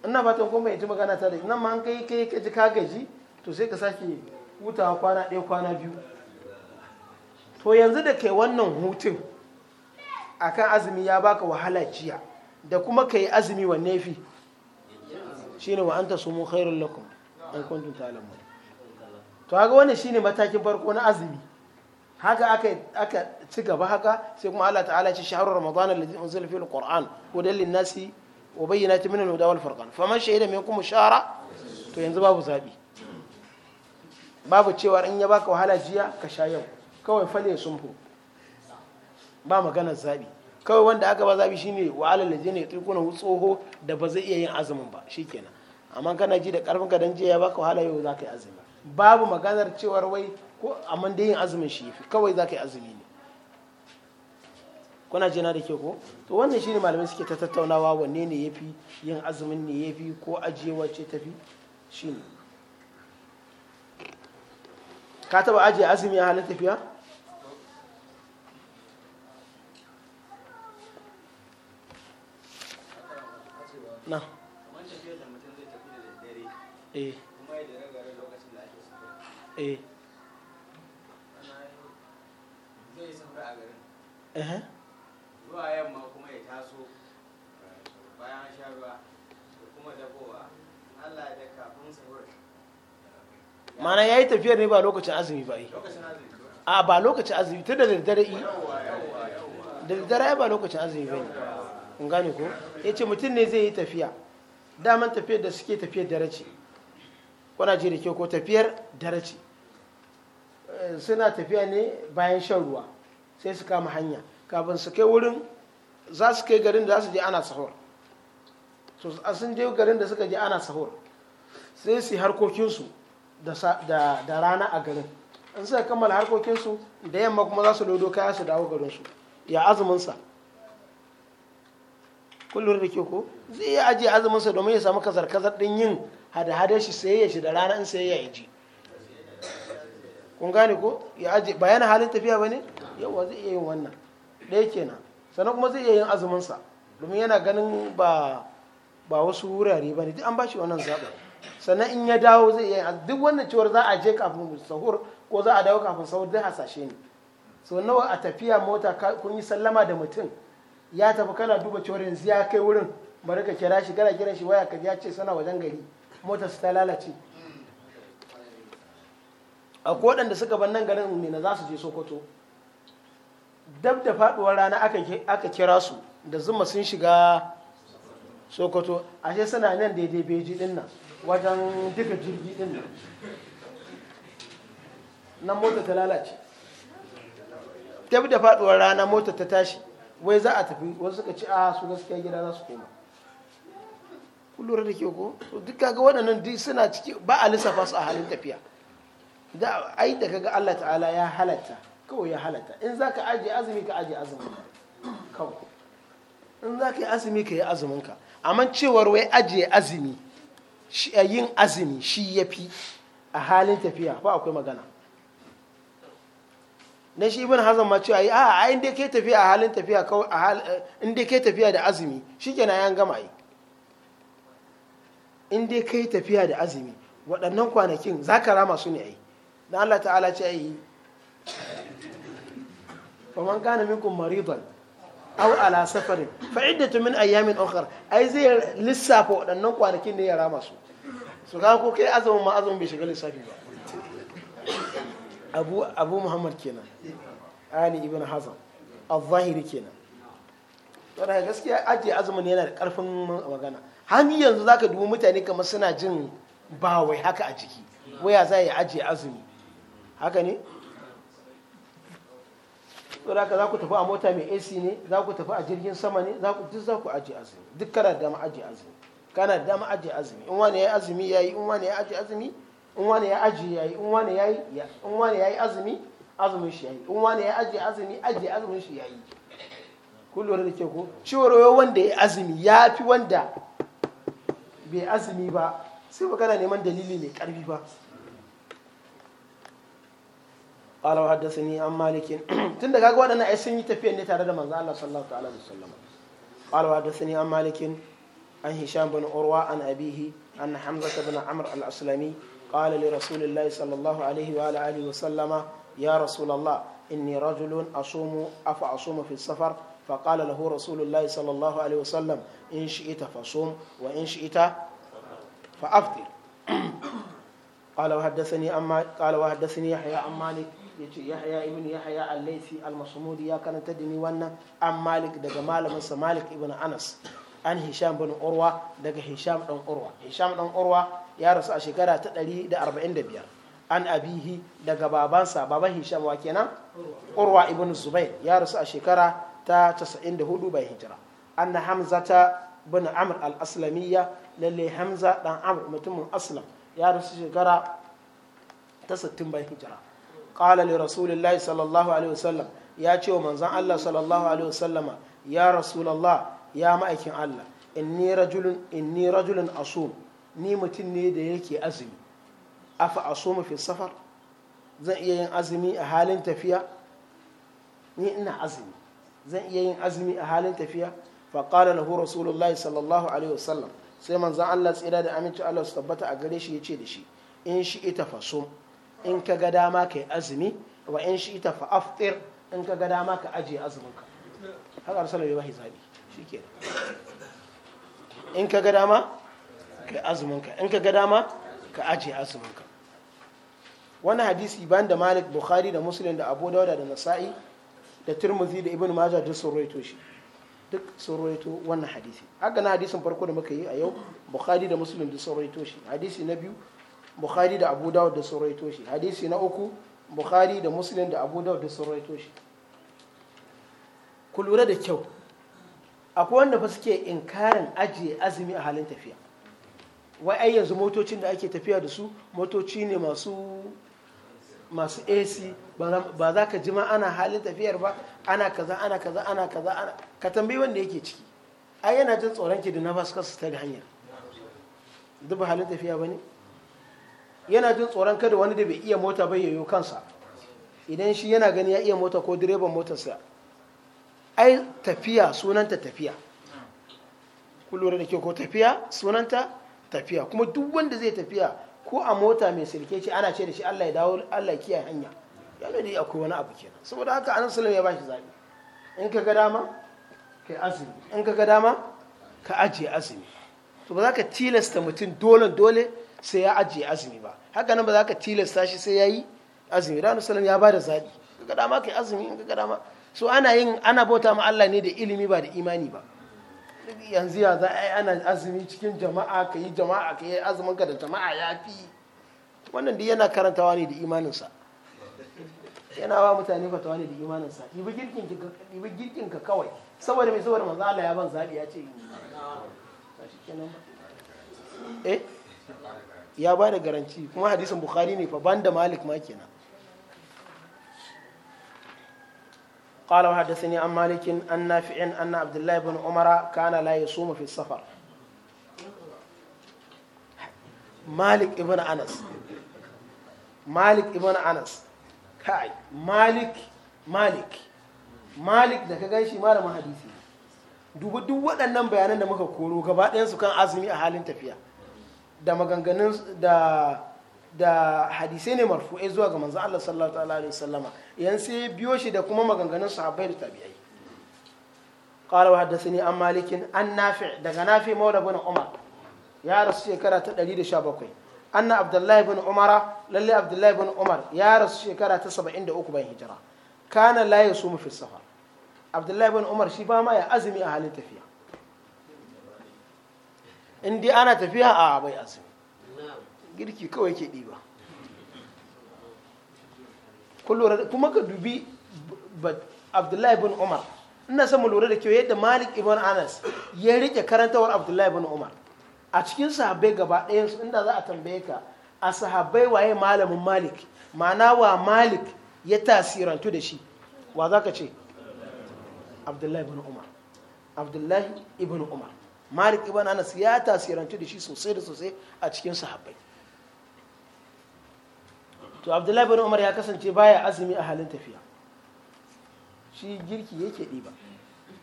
Speaker 1: ina fatan kuma yanzu magana ta da nan ma an kai kai ka ji ka gaji to sai ka sake hutawa kwana ɗaya kwana biyu to yanzu da kai wannan hutun akan azumi ya baka wahala jiya da kuma ka yi azumi wa nefi shine wa anta sumu khairul lakum in kuntum ta'lamun to haka shi ne matakin farko na azumi haka aka aka ci gaba haka sai kuma Allah ta'ala ce shahru ramadan alladhi unzila fihi alquran ko lin-nasi wa bayyinatin min al-huda wal furqan shaida shahida kuma shara to yanzu babu zaɓi babu cewa in ya baka wahala jiya ka sha yau kawai fale sunfu ba maganar zaɓi. kawai wanda aka ba zabi shine wa alal lajina na tsoho da ba zai iya yin azumin ba shikenan amma kana ji da karfin ka dan je ya baka wahala yau zaka yi azumi babu maganar cewar wai ko amma dai yin azumin shi yafi kawai zaka yi azumi ne kuna jina da ke ko to wannan shine malamai suke ta tattaunawa wanne ne yafi yin azumin ne yafi ko ajiyewa ce tafi shine ka taba ajiye azumi a halin tafiya Eh. Eh. mana ya yi tafiyar ne ba lokacin azumi ba yi a ba lokacin azumi tun da daddare yi da daddare ba lokacin azumi ba yi gani ko ya ce mutum ne zai yi tafiya daman tafiyar da suke tafiyar dare ce kuna ji da ke ko tafiyar dare eh, suna tafiya ne bayan shan ruwa sai su kama hanya kafin su kai wurin za su kai garin da za su je ana sahur so sun je garin da suka je ana sahur sai su yi harkokinsu da rana a garin in suka kammala harkokinsu da yamma kuma za su lodo kaya su dawo garinsu ya azuminsa kullum da ke ko zai yi ajiye azuminsa domin ya samu kazar-kazar ɗin yin hada-hada shi sayayya shi da rana in sai ya ji kun gane ko ya aje ba yana halin tafiya ba ne yawa zai iya yin wannan ɗaya kenan sannan kuma zai iya yin azuminsa domin yana ganin ba ba wasu wurare ba ne duk an ba shi wannan zaɓin sannan in ya dawo zai iya duk wannan cewar za a je kafin sahur ko za a dawo kafin sahur duk hasashe ne so nawa a tafiya mota kun yi sallama da mutum ya tafi kana duba cewar yanzu ya kai wurin bari ka kira shi gara kira shi waya ka ya ce suna wajen gari motar su ta lalace a waɗanda suka bar nan garin na za su je sokoto dab da faɗuwar rana aka kira su da zuma sun shiga sokoto ashe suna nan daidai beji din nan wajen duka jirgi din nan nan mota ta lalace dab da faduwar rana mota ta tashi wai za a tafi wasu suka ci a ah, su gaskiya gida za su koma kun da ke ko to duk kaga waɗannan duk suna ciki ba a lissafa su a halin tafiya da ai da kaga Allah ta'ala ya halatta kawai ya halatta in za ka ajiye azumi ka ajiye azumin kawai in za ka yi azumi ka yi azumin ka amma cewar wai ajiye azumi eh, yin azumi shi ya fi a halin tafiya ba akwai magana na shi ibn hazan ma cewa a a inda ke tafiya a halin tafiya kawai a eh, inda ke tafiya da azumi shikenan yan gama yi in dai kai tafiya da azumi waɗannan kwanakin za ka rama su ne yi na Allah ta'ala ce yi kwanan gane minkun maridan au ala safarin fa'idda iddatu min ayyamin ɗaukar ai zai lissafa waɗannan kwanakin da ya rama su su ga ko kai azumin ma azumin bai shiga lissafi ba abu abu muhammad kenan ali ibn hazan al-zahiri kenan to gaskiya ajiye azumin yana da karfin magana har yanzu zaka dubi mutane kamar suna jin bawai haka a jiki waya za ya ajiye azumi haka ne ka za ku tafi a mota mai ac ne za ku tafi a jirgin sama ne duk za ku ajiye azumi duk kana da dama ajiye azumi kana da dama ajiye azumi in wani ya yi azumi ya yi in wani ya ajiye azumi in wani ya ajiye ya yi in wani ya yi azumi azumin shi ya yi in wani ya ajiye azumi ajiye azumin shi ya yi kullum da ke ko ciwo wanda ya azumi ya fi wanda bai azumi ba sai magana neman dalili mai karfi ba ƙwala wa haddasa ne an malikin tun da na waɗanda ai sun yi tafiya ne tare da manzo Allah sallallahu alaihi wasallam ƙwala wa haddasa ne an malikin an hisham bin urwa an abihi an hamza bin amr al aslami ƙwala li rasulillahi sallallahu alaihi wa alihi wasallama ya rasulallah inni rajulun asumu afa asumu fi safar فقال له رسول الله صلى الله عليه وسلم إن شئت فصوم وإن شئت فأفطر قال وحدثني أما قال وحدثني يحيى عن مالك يحيى ابن يحيى الليثي المصمودي يا كان تدني وانا عن مالك دغ مالك مالك ابن أنس an hisham bin urwa daga hisham dan urwa hisham dan urwa ya rasu a shekara ta 145 an abihi daga babansa baban hisham wa kenan urwa ibn zubair ya rasu a shekara ta 94 bayan hijira anna hamza ta bin amr al-aslamiyya lalle hamza dan amr mutumin aslam ya rasu shekara ta 60 bayan hijira qala li rasulillahi sallallahu alaihi wasallam ya ce wa manzon Allah sallallahu alaihi wasallama ya rasulullah ya ma'aikin Allah inni rajulun inni rajulun asum ni mutum ne da yake azumi afa asumu fi safar zan iya yin azumi a halin tafiya ni ina azumi zan iya yin azumi a halin tafiya fa qala lahu rasulullah sallallahu alaihi wasallam sai manzon Allah tsira da aminci Allah su tabbata a gare shi yace da shi in shi ita fa fasum in ka ga dama kai azumi wa in shi ita fa aftir in ka ga dama ka ajiye ka. haka rasulullah ya bashi zabi shikenan in ka ga dama ka azuminka in ka ga dama ka ajiye ka. wani hadisi ban da malik bukhari da muslim da abu dauda da nasa'i da turmuzi da ibn majah duk sun roito shi duk sun roito wannan hadisi haka na hadisin farko da muka yi a yau bukhari da muslim duk sun roito shi hadisi na biyu bukhari da abu dawud da sun roito shi hadisi na uku bukhari da muslim da abu dawud da sun roito shi ku lura da kyau akwai wanda fa suke inkarin ajiye azumi a halin tafiya wai ai yanzu motocin da ake tafiya da su motoci ne masu masu ac ba za ka jima ana halin tafiyar ba ana kaza ana kaza ana kaza ana ka tambayi wanda yake ciki ai yana jin tsoron ki da na basu kasu ta da hanya duk halin tafiya ba ne yana jin tsoron kada wani da bai iya mota ba yayo kansa idan shi yana gani ya iya mota ko direban motarsa ai tafiya sunanta tafiya ku da ke ko tafiya sunanta tafiya kuma duk wanda zai tafiya ko a mota mai sirke ce ana ce da shi Allah ya dawo Allah kiyaye hanya ya nuna dai akwai wani abu kenan saboda haka anan sallam ya bashi zabi in ka ga dama ka azumi in ka ga dama ka ajiye azumi to ba za ka tilasta mutum dole dole sai ya ajiye azumi ba haka nan ba za ka tilasta shi sai ya yi azumi ranar sallam ya ba da zabi ka ga dama ka yi azumi in ka ga dama so ana yin ana bauta ma Allah ne da ilimi ba da imani ba yanzu ya za a ana azumi cikin jama'a ka yi jama'a ka yi azumin ka da jama'a ya fi wannan duk yana karantawa ne da imaninsa yana ba mutane fatawa ne da imaninsa ibi girkin ka kawai saboda mai saboda manzo Allah ya ban zaɓi ya ce yi eh ya ba da garanci kuma hadisin bukhari ne fa ban da malik ma kenan قال وحدثني عن مالك عن نافع أن عبد الله بن عمر كان لا يصوم في السفر مالك ابن أنس مالك ابن أنس كاي مالك مالك مالك da ka gaishe malamin hadisi dubu duk waɗannan bayanan da muka koro gaba ɗayan su kan azumi a halin tafiya da maganganun da da hadisai ne marfu'ai zuwa ga manzon Allah sallallahu alaihi wasallama yan sai biyo shi da kuma maganganun sahabbai da tabi'ai qala wa haddathani an malikin an nafi daga nafi maula bin umar ya rasu shekara ta 117 anna abdullahi bin umar lalle abdullahi bin umar ya rasu shekara ta 73 bayan hijira kana la yasumu fi safar abdullahi bin umar shi ba ma ya azumi a halin tafiya in dai ana tafiya a bai azumi girki kawai ke ɗiba kun kuma ka dubi abdullahi bin umar ina son mu lura da kyau yadda malik ibn anas ya rike karantawar abdullahi bin umar a cikin sahabbai gaba ɗayan inda za a tambaye ka a sahabbai waye malamin malik ma'ana wa malik ya tasirantu da shi wa za ka ce abdullahi bin umar abdullahi ibn umar malik ibn anas ya tasirantu da shi sosai da sosai a cikin sahabbai to abdullahi bin umar ya kasance baya azumi a halin tafiya shi girki yake ɗiba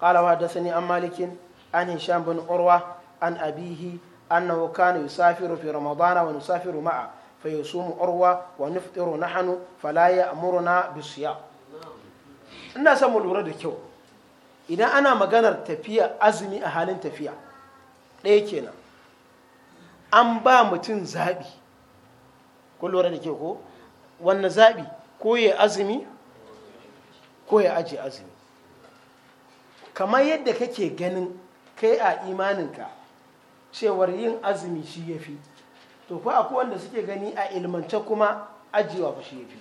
Speaker 1: qala wa sani an malikin an hisham bin urwa an abihi an annahu kana yusafiru fi ramadana wa nusafiru ma'a fa yusumu urwa wa na hannu fala murna bisiyam ina son lura da kyau idan ana maganar tafiya azumi a halin tafiya ɗaya kenan an ba mutum zaɓi kun lura da kyau ko Wannan zaɓi ko ya azumi ko ya aji azumi kamar yadda kake ganin kai a imaninka cewar yin azumi shi ya fi to ko akwai wanda suke gani a ilmance kuma ajiyewa fa shi ya fi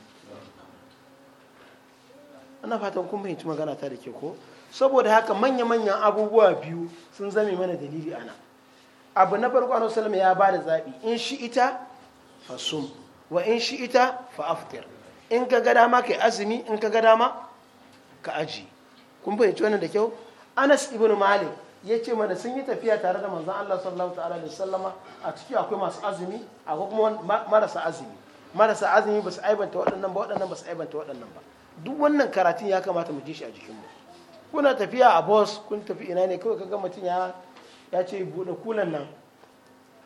Speaker 1: ana fatan kun fahimci magana ta da ke ko saboda haka manya-manyan abubuwa biyu sun zame mana dalili ana abu na farko anu ya ba da zaɓi in shi ita fasum wa in shi ita fa aftir in ka ga dama kai azumi in ka ga dama ka aji kun fahimci wannan da kyau Anas ibn Malik ya ce mana sun yi tafiya tare da manzon Allah sallallahu ta'ala da sallama a ciki akwai masu azumi akwai kuma marasa azumi marasa azumi ba su aibanta waɗannan ba waɗannan ba su aibanta waɗannan ba duk wannan karatun ya kamata mu ji shi a jikin mu kuna tafiya a bus kun tafi ina ne kawai kaga mutum ya ya ce buɗe kulan nan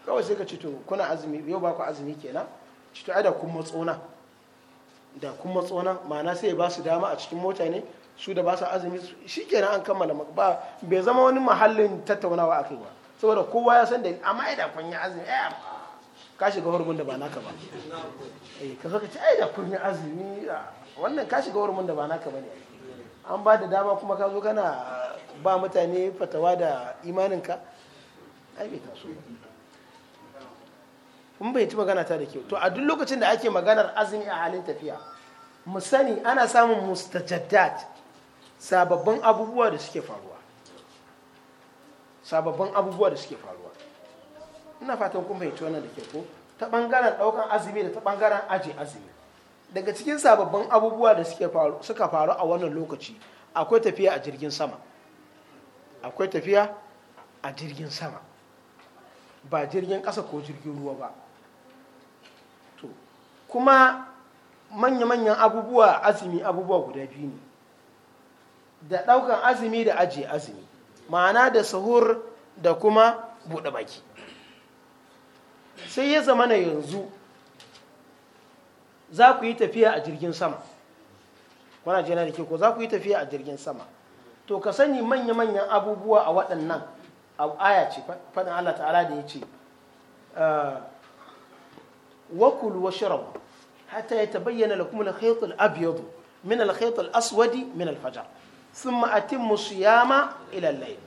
Speaker 1: kawai sai ka ce to kuna azumi yau ba ku azumi kenan cikin ada kun matsona da kun matsona ma'ana sai ba su dama a cikin mota ne su da ba su azumi shi kenan an kammala ba bai zama wani mahallin tattaunawa a kai ba saboda kowa ya san da amma ya da kun yi azumi eh ka shiga hurumin da ba naka ba eh ka zo ci ce ai da kun yi azumi ah, wannan ka shiga hurumin da ba naka ba ne an ba da dama kuma ka zo kana ba mutane fatawa da imaninka ai bai taso ba bai bayyanci magana ta da kyau to a duk lokacin da ake maganar azumi a halin tafiya mu sani ana samun mustajaddat sababbin abubuwa da suke faruwa sababbin abubuwa da suke faruwa ina fatan kun bayyanci wannan da kyau ko ta bangaren daukan azumi da ta bangaren aje azumi daga cikin sababbin abubuwa da suke faru suka faru a wannan lokaci akwai tafiya a jirgin sama akwai tafiya a jirgin sama ba jirgin ƙasa ko jirgin ruwa ba kuma manya-manyan abubuwa azumi abubuwa guda biyu ne da ɗaukan azumi da ajiye azumi ma'ana da sahur da kuma buɗe baki sai ya zama na yanzu za ku yi tafiya a jirgin sama wana jina da ke ko za ku yi tafiya a jirgin sama to ka sani manya-manyan abubuwa a waɗannan a aya ce faɗin Allah ta'ala da ya ce wakulu ah, wa shirabu حتى يتبين لكم الخيط الأبيض من الخيط الأسود من الفجر ثم أتم الصيام إلى الليل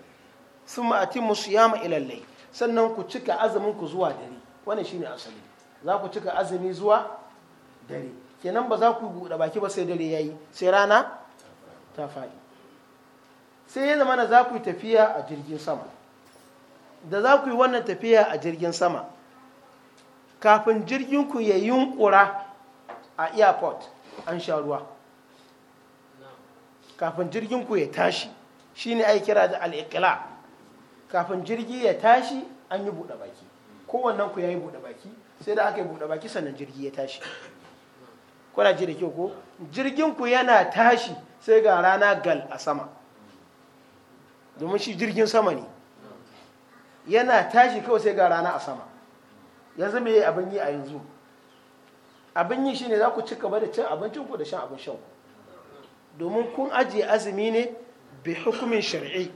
Speaker 1: ثم أتم الصيام إلى الليل sannan ku cika azumin zuwa dare wannan shine asali za ku cika zuwa dare kenan ba za ku buɗe baki ba sai dare yi. sai rana ta faɗi sai ya zama za ku yi tafiya a jirgin sama da za ku yi wannan tafiya a jirgin sama kafin jirgin ku ya yunkura a airport an sha ruwa kafin jirgin ku ya tashi shine ai kira da al'ikila kafin jirgi ya tashi an yi bude baki kowannan ku ya yi bude baki sai da aka yi bude baki sannan jirgi ya tashi kuna ji da kyau ko jirgin ku yana tashi sai ga rana gal a sama domin shi jirgin sama ne yana tashi kawai sai ga rana a sama yanzu me abin yi a yanzu abin yi shine za ku ci gaba da cin abincin ku da shan abin shan ku domin kun ajiye azumi ne bi hukumin shari'i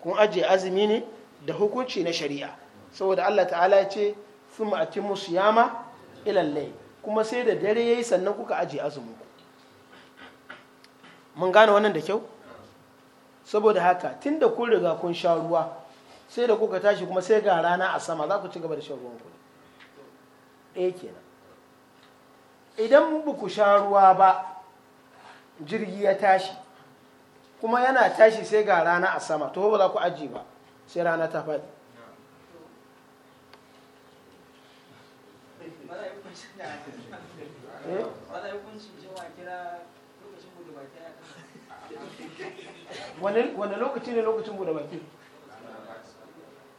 Speaker 1: kun ajiye azumi ne da hukunci na shari'a saboda Allah ta'ala ya ce sun musu yama ilallai kuma sai da dare ya yi sannan kuka ajiye azumin ku mun gane wannan da kyau saboda haka tun da kun riga kun sha ruwa sai da kuka tashi kuma sai ga rana a sama za ku ci gaba da shan ruwan ku ɗaya kenan idan ku sha ruwa ba jirgi ya tashi kuma yana tashi sai ga rana a sama to ba za ku aji ba sai rana ta faɗi eh? wani lokaci ne lokacin bude baki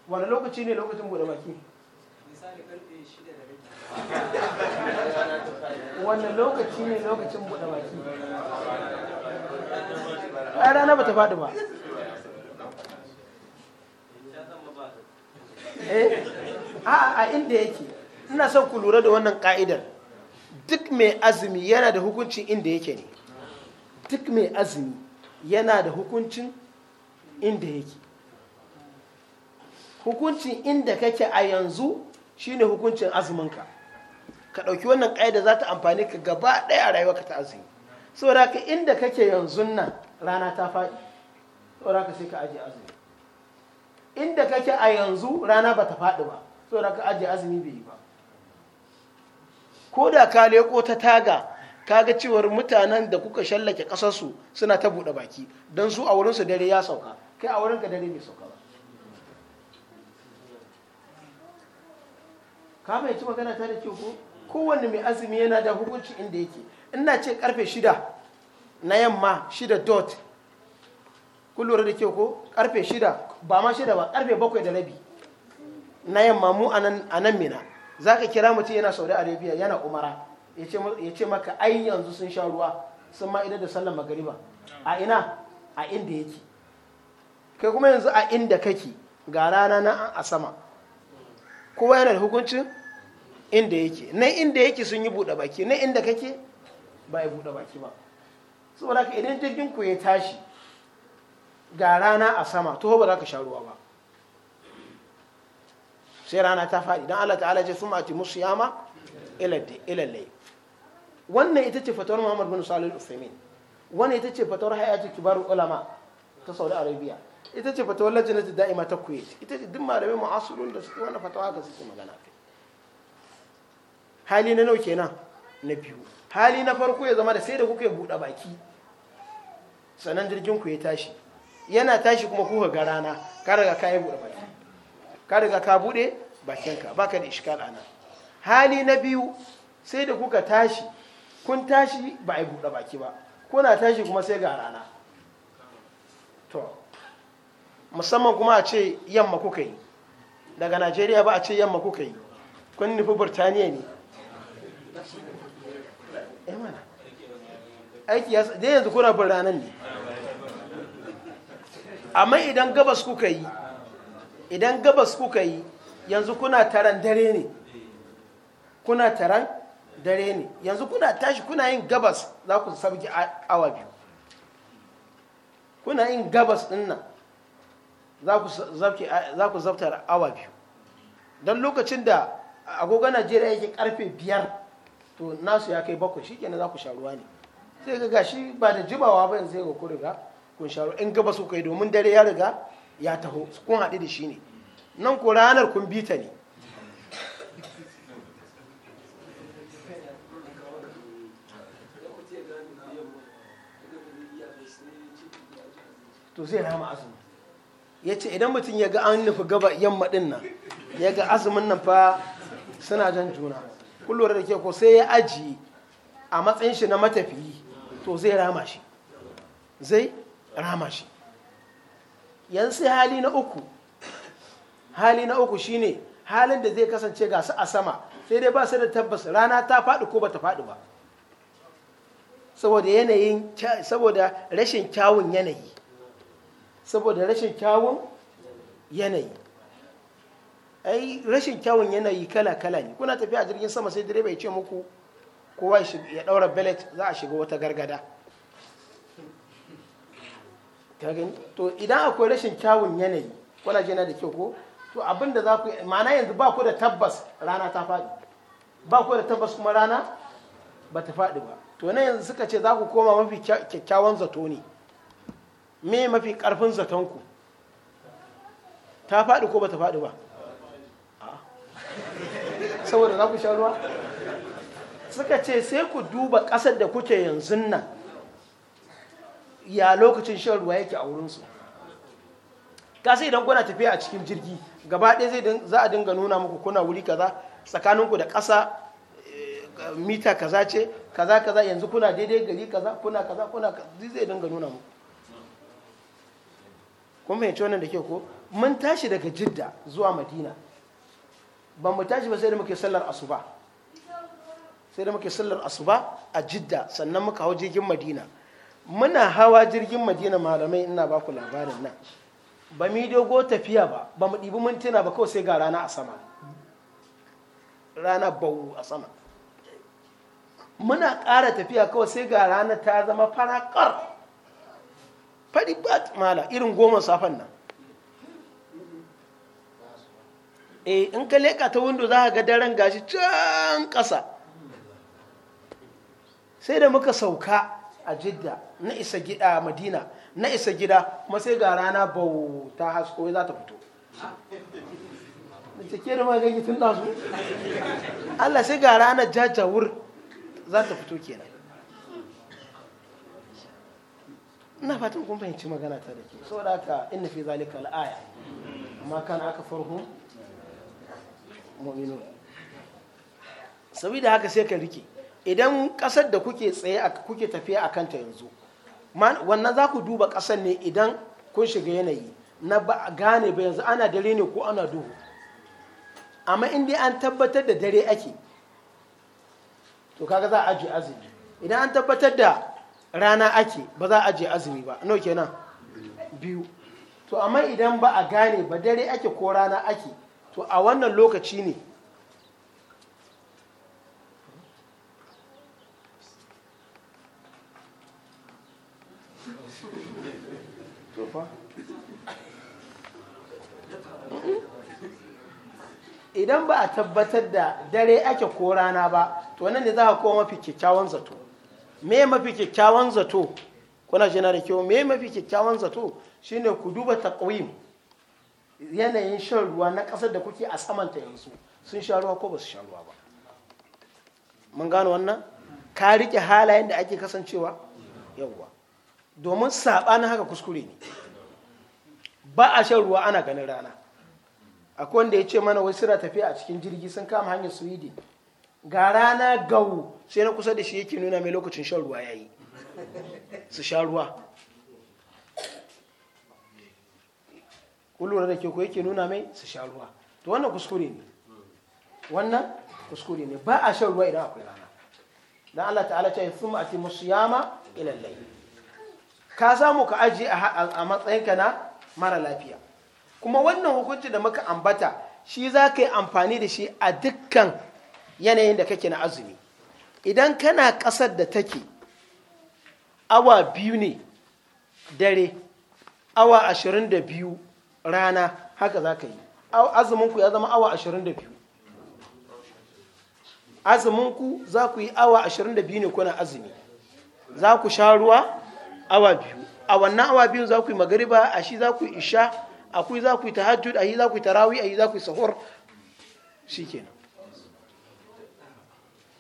Speaker 1: wani lokaci ne lokacin bude baki
Speaker 2: wannan lokaci
Speaker 1: ne lokacin buɗe baki
Speaker 2: ai rana ba ta faɗi ba eh
Speaker 1: a inda yake ina son ku lura da wannan ka'idar duk mai azumi yana da hukuncin inda yake ne duk mai azumi yana da hukuncin inda yake hukuncin inda kake a yanzu shine hukuncin azuminka ka ɗauki wannan ƙa'ida za ta amfani ka gaba ɗaya a rayuwarka ta azumi saboda haka inda kake yanzu nan rana ta faɗi saboda haka sai ka ajiye azumi inda kake a yanzu rana ba ta faɗi ba saboda haka ajiye azumi bai yi ba ko da ka leƙo ta taga kaga cewar mutanen da kuka shallake ƙasarsu suna ta buɗe baki don su a wurinsu dare ya sauka kai a wurinka dare mai sauka kama fahimci magana ta da ke ko kowanne mai azumi yana da hukunci inda yake ina ce karfe shida na yamma shida dot kullum da ke ko karfe shida ba ma shida ba karfe bakwai da rabi na yamma mu a nan mina za ka kira mutum yana saudi arabia yana umara ya ce maka ai yanzu sun sha ruwa sun ma da sallar magariba a ina a inda yake kai kuma yanzu a inda kake ga rana na a sama kowa yana da hukuncin inda yake na inda yake sun yi buɗe baki na inda kake ba ya buɗe baki ba saboda ka idan jirgin ku ya tashi ga rana a sama to ba za ka sha ruwa ba sai rana ta faɗi don Allah ta'ala ce sun mati musu yama ilallai wannan ita ce fatawar muhammad bin salil al-usaimin wannan ita ce fatawar hayatu kibar ulama ta saudi arabia ita ce fatawar lajinatu da'ima ta kuwait ita ce duk malamai mu'asirun da suke wani fatawa ga suke magana kai hali na nauke na na biyu hali na farko ya zama da sai da kuka buɗe baki sannan jirgin ku ya tashi yana tashi kuma kuka ga rana ka riga ka yi buɗe baki ka riga ka buɗe bakinka baka da ishkal ana hali na biyu sai da kuka tashi kun tashi ba a yi buɗe baki ba kuna tashi kuma sai ga rana to musamman kuma a ce yamma kuka yi daga najeriya ba a ce yamma kuka yi kun nufi burtaniya ne eh aiki ya zai yanzu kuna bin ne amma idan gabas kuka yi idan gabas kuka yi yanzu kuna taron dare ne kuna taron dare ne yanzu kuna tashi kuna yin gabas za ku sabgi awa biyu kuna yin gabas din nan za ku zabtar awa biyu don lokacin da agogon najeriya yake karfe biyar to nasu ya kai bakwai shikenan za ku sha ruwa ne sai ga gashi ba da jibawa ba yanzu ga ku riga kun sha in gaba su kai domin dare ya riga ya taho kun haɗu da shi ne nan ko ranar kun bita ne to zai rama azumi ya ce idan mutum ya ga an nufi gaba yamma din nan ya ga azumin nan fa suna jan juna kullum da ke ko sai ya aji a matsayin shi na matafiyi to zai rama shi zai rama shi yan sai hali na uku hali na uku shine halin da zai kasance ga su a sama sai dai ba su da tabbas rana ta faɗi ko ba ta faɗi ba saboda rashin kyawun yanayi saboda rashin kyawun yanayi ai rashin kyawun yanayi kala-kala ne kuna tafiya a jirgin sama sai direba ya ce muku kowa ya daura belet za a shiga wata gargada to idan akwai rashin kyawun yanayi kuna jina da kyau ko to abin da za ku ma'ana yanzu ba ku da tabbas rana ta faɗi ba ku da tabbas kuma rana ba ta faɗi ba to na yanzu suka ce za ku koma mafi kyakkyawan zato ne me mafi karfin zatonku ta faɗi ko ba ta faɗi ba saboda za ku sha ruwa suka ce sai ku duba ƙasar da kuke yanzu nan ya lokacin shan ruwa yake a wurinsu kasa idan kuna tafiya a cikin jirgi gaba ɗaya za a dinga nuna muku kuna wuri kaza tsakaninku da ƙasa eh, mita kaza ce kaza kaza yanzu kuna daidai gari kaza kuna kaza kuna zai dinga nuna muku kuma fahimci wannan da ke ko mun tashi daga jidda zuwa madina ba mu tashi ba sai da muke sallar asuba sai da muke sallar asuba a jidda sannan muka hau jirgin madina muna hawa jirgin madina malamai ina ba ku labarin nan ba mu yi dogo tafiya ba ba mu ɗibi mintuna ba kawai sai ga rana a sama rana bau a sama muna ƙara tafiya kawai sai ga rana ta zama farakar Faɗi ba mala irin goma safan nan eh in ka leka ta windo za ka ga daren gashi can ƙasa sai da muka sauka a jidda na isa gida madina na isa gida kuma sai ga rana bau ta hasko za ta fito da cike da magagi tun da su allah sai ga rana jajawur za ta fito kenan ina fatan kun fahimci magana ta da ke da haka inna fi zalika al'aya amma kana aka farko mu'minun sabida haka sai ka rike idan kasar da kuke tsaye kuke tafiya a kanta yanzu wannan za ku duba kasar ne idan kun shiga yanayi na ba gane ba yanzu ana dare ne ko ana duhu amma in dai an tabbatar da dare ake to kaga za a aji azumi idan an tabbatar da rana ake ba za a je azumi ba no kenan biyu to amma idan ba a gane ba dare ake ko rana ake to a wannan lokaci ne idan ba a tabbatar da dare ake ko rana ba to wannan ne za a koma fi kyakkyawan zato me mafi kyakkyawan zato kuna shi na da kyau me mafi kyakkyawan zato shine ku duba taqwim yanayin shan ruwa na ƙasar da kuke a samanta yanzu sun sha ruwa ko ba su sha ruwa ba mun gano wannan ka rike halayen da ake kasancewa yawwa domin saɓanin haka kuskure ne ba a shan ruwa ana ganin rana akwai wanda ya ce mana wai suna tafiya a cikin jirgi sun kama hanyar sweden ga rana gawu sai na kusa da shi yake nuna mai lokacin shan ruwa ya yi su sha ruwa kullum da ke ko yake nuna mai su sha ruwa to wannan kuskure ne wannan kuskure ne ba a shan ruwa idan akwai rana dan Allah ta'ala ta yi sun atimu siyama yama ilallai. ka samu ka aji a matsayinka na mara lafiya kuma wannan hukunci da muka ambata shi za ka yi amfani da shi a dukkan yanayin da kake na azumi idan kana ƙasar da take awa biyu ne dare awa ashirin da biyu rana haka za ka yi azuminku ya zama awa ashirin da biyu azuminku za ku yi awa ashirin da biyu ne kuna azumi za ku sha ruwa awa biyu a wannan awa biyun za ku yi magariba a shi za ku yi isha akwai za ku yi tahajjud a yi za ku yi tarawi a yi za ku yi sahur kenan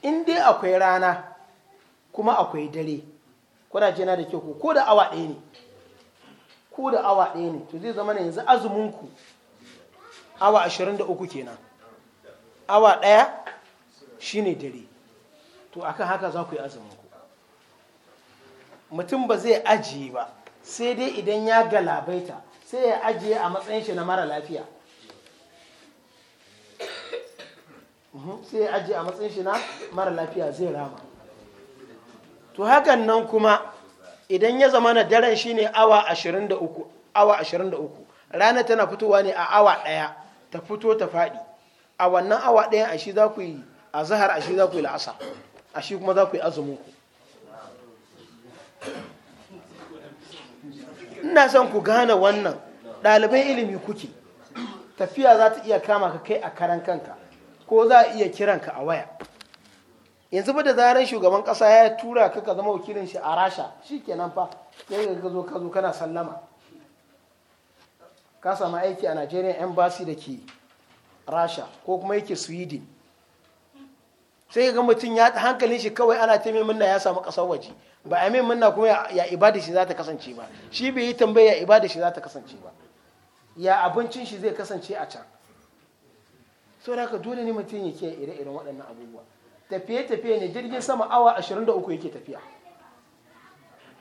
Speaker 1: in dai akwai rana kuma akwai dare kuna jina da kyau ko da awa ɗaya ne ko da awa ɗaya ne to zai zama na yanzu azuminku awa 23 kenan awa ɗaya shi ne dare to akan haka za ku yi azuminku mutum ba zai ajiye ba sai dai idan ya galabaita sai ya ajiye a matsayin shi na mara lafiya sai ya ajiye a matsayin shi na mara lafiya zai rama to hakan nan kuma idan ya zama na daren shi ne awa 23 awa 23 rana tana fitowa ne a awa ɗaya ta fito ta faɗi a wannan awa ɗaya a shi za ku yi a zahar a shi za ku yi la'asa a shi kuma za ku yi azumin ku ina son ku gane wannan ɗalibai ilimi kuke tafiya za ta iya kama ka kai a karan kanka ko za a iya kiranka a waya yanzu ba da zarar shugaban kasa ya tura ka ka zama wakilin shi a rasha shi kenan fa sai ka zo ka zo kana sallama ka samu aiki a nigerian embassy da ke rasha ko kuma yake sweden sai ga mutum ya hankalin shi kawai ana ta minna ya samu kasar waje ba a minna kuma ya ibada shi za ta kasance ba shi bai yi tambaya ya ibada shi za ta kasance ba ya abincin shi zai kasance a can saboda haka dole ne mutum ya kiyaye ire-iren waɗannan abubuwa tafiye-tafiye ne jirgin sama awa 23 yake tafiya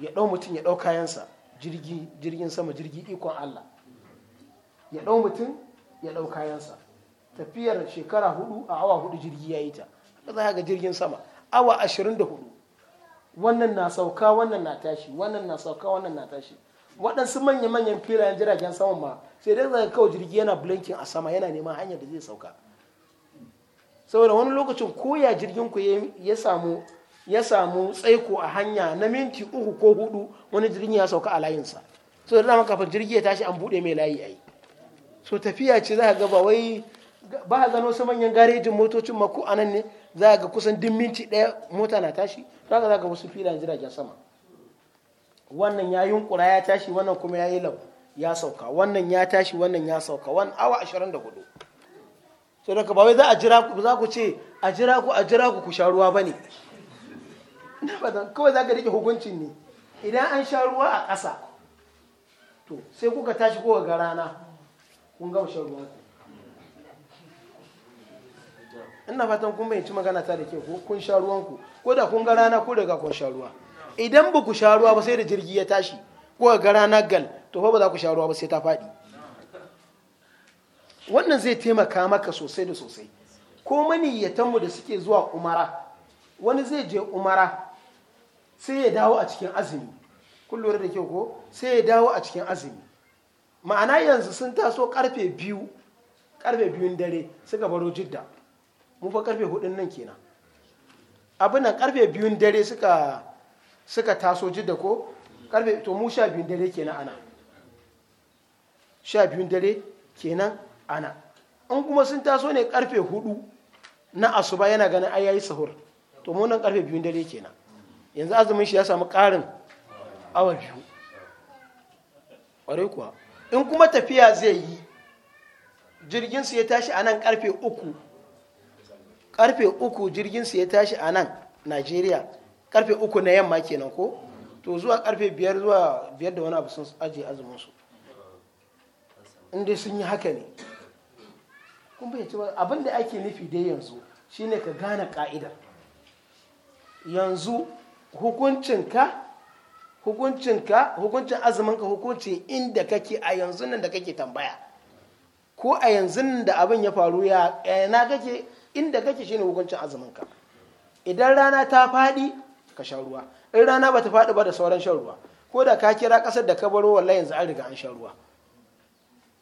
Speaker 1: ya ɗau mutum ya ɗau kayansa jirgi jirgin sama jirgi ikon Allah ya ɗau mutum ya ɗau kayansa tafiyar shekara hudu a awa hudu jirgi ya yi ta za ga jirgin sama awa 24 wannan na sauka wannan na tashi wannan na sauka wannan na tashi waɗansu manya-manyan filayen jiragen sama ma sai dai zaka kawo jirgi yana blinking a sama yana neman hanyar da zai sauka saboda wani lokacin koya jirgin ku ya samu ya samu tsaiko a hanya na minti uku ko hudu wani jirgin ya sauka a layinsa so da dama kafin jirgi ya tashi an bude mai layi ai so tafiya ce za ka ga ba wai ba ka gano su manyan garejin motocin mako a nan ne za ga kusan duk minti daya mota na tashi za ka ga wasu filan jiragen sama wannan ya yunkura ya tashi wannan kuma ya yi lau ya sauka wannan ya tashi wannan ya sauka wannan awa ashirin da hudu sai da ba wai za a jira ku za ku ce a jira ku a jira ku ku sha ruwa ba ne kawai za ka rike hukuncin ne idan an sha ruwa a ƙasa to sai kuka tashi kowa ga rana kun gama sha ruwa ku ina fatan kun bayyanci magana ta da ke kun sha ku ko da kun ga rana ko daga kun sha ruwa idan ba ku sha ruwa ba sai da jirgi ya tashi ko ga rana gal to fa ba za ku sha ruwa ba sai ta faɗi wannan zai taimaka maka sosai da sosai ko maniyyatanmu da suke zuwa umara wani zai je umara sai ya dawo a cikin azumi kun lura da kyau ko sai ya dawo a cikin azumi ma'ana yanzu sun taso karfe biyu karfe biyun dare suka baro jidda mu fa karfe hudun nan kenan abin nan karfe biyun dare suka suka taso jidda ko karfe to mu sha biyun dare kenan ana sha biyun dare kenan ana in kuma sun taso ne karfe hudu na asuba yana ganin a yayi sahur to munan nan karfe biyun dare kenan yanzu azumin shi ya samu karin awa biyu ƙwarai kuwa in kuma tafiya zai yi jirgin su ya tashi a nan karfe uku karfe uku jirgin su ya tashi a nan najeriya karfe uku na yamma kenan ko to zuwa karfe biyar zuwa biyar da wani abu sun ajiye azumin su in sun yi haka ne kun fahimci ba abin da ake nufi dai yanzu shine ka gane ka'idar yanzu hukuncinka hukuncinka hukuncin azuminka hukunci inda kake a yanzu nan da kake tambaya ko a yanzu nan da abin ya faru ya na kake inda kake shine hukuncin azuminka idan rana ta faɗi ka sha ruwa in rana ba ta faɗi ba da sauran shan ruwa ko da ka kira ƙasar da ka baro wallahi yanzu an riga an shan ruwa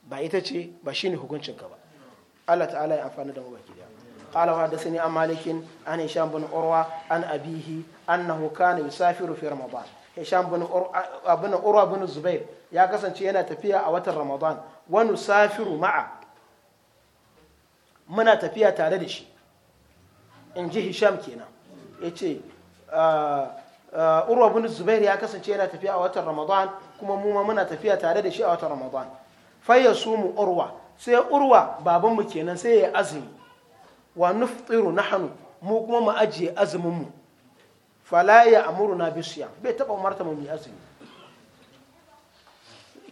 Speaker 1: ba ita ce ba shine hukuncinka ba Allah ta'ala ya amfana da mu baki daya قال وحدثني عن مالك عن هشام بن عروة عن أبيه أنه كان يسافر في رمضان هشام بن بن عروة بن الزبير يا كسن شينا تفيا أوت رمضان ونسافر معه منا تفيا تاردش إن جي هشام كينا يتي عروة بن الزبير يا كسن شينا تفيا أوت رمضان كما مو منا تفيا تاردش أوت رمضان فيصوم عروة sai urwa babanmu kenan sai ya azumi wa nuftiru nahnu mu kuma mu ajiye azumin mu fala ya na bisiyam bai taba umarta mu yi azumi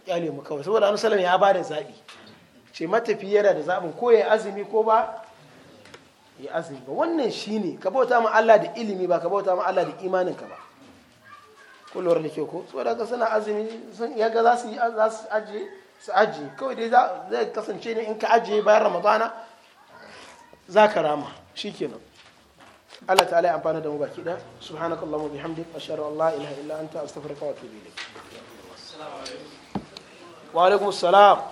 Speaker 1: kyale mu kawai saboda annabi sallallahu ya bada zabi ce matafiya yana da zabin ko ya azumi ko ba ya azumi ba wannan shine ka bauta mu Allah da ilimi ba ka bauta mu Allah da imanin ka ba kullu da ke ko saboda ka suna azumi sun ga za su yi za su ajiye su ajiye kawai dai zai kasance ne in ka ajiye bayan ramadana za ka rama shi kenan Allah ta'ala ya amfana da mu baki da subhanakallahumma bihamdik ashhadu allah la ilaha illa anta astaghfiruka wa atubu ilayk wa alaikum assalam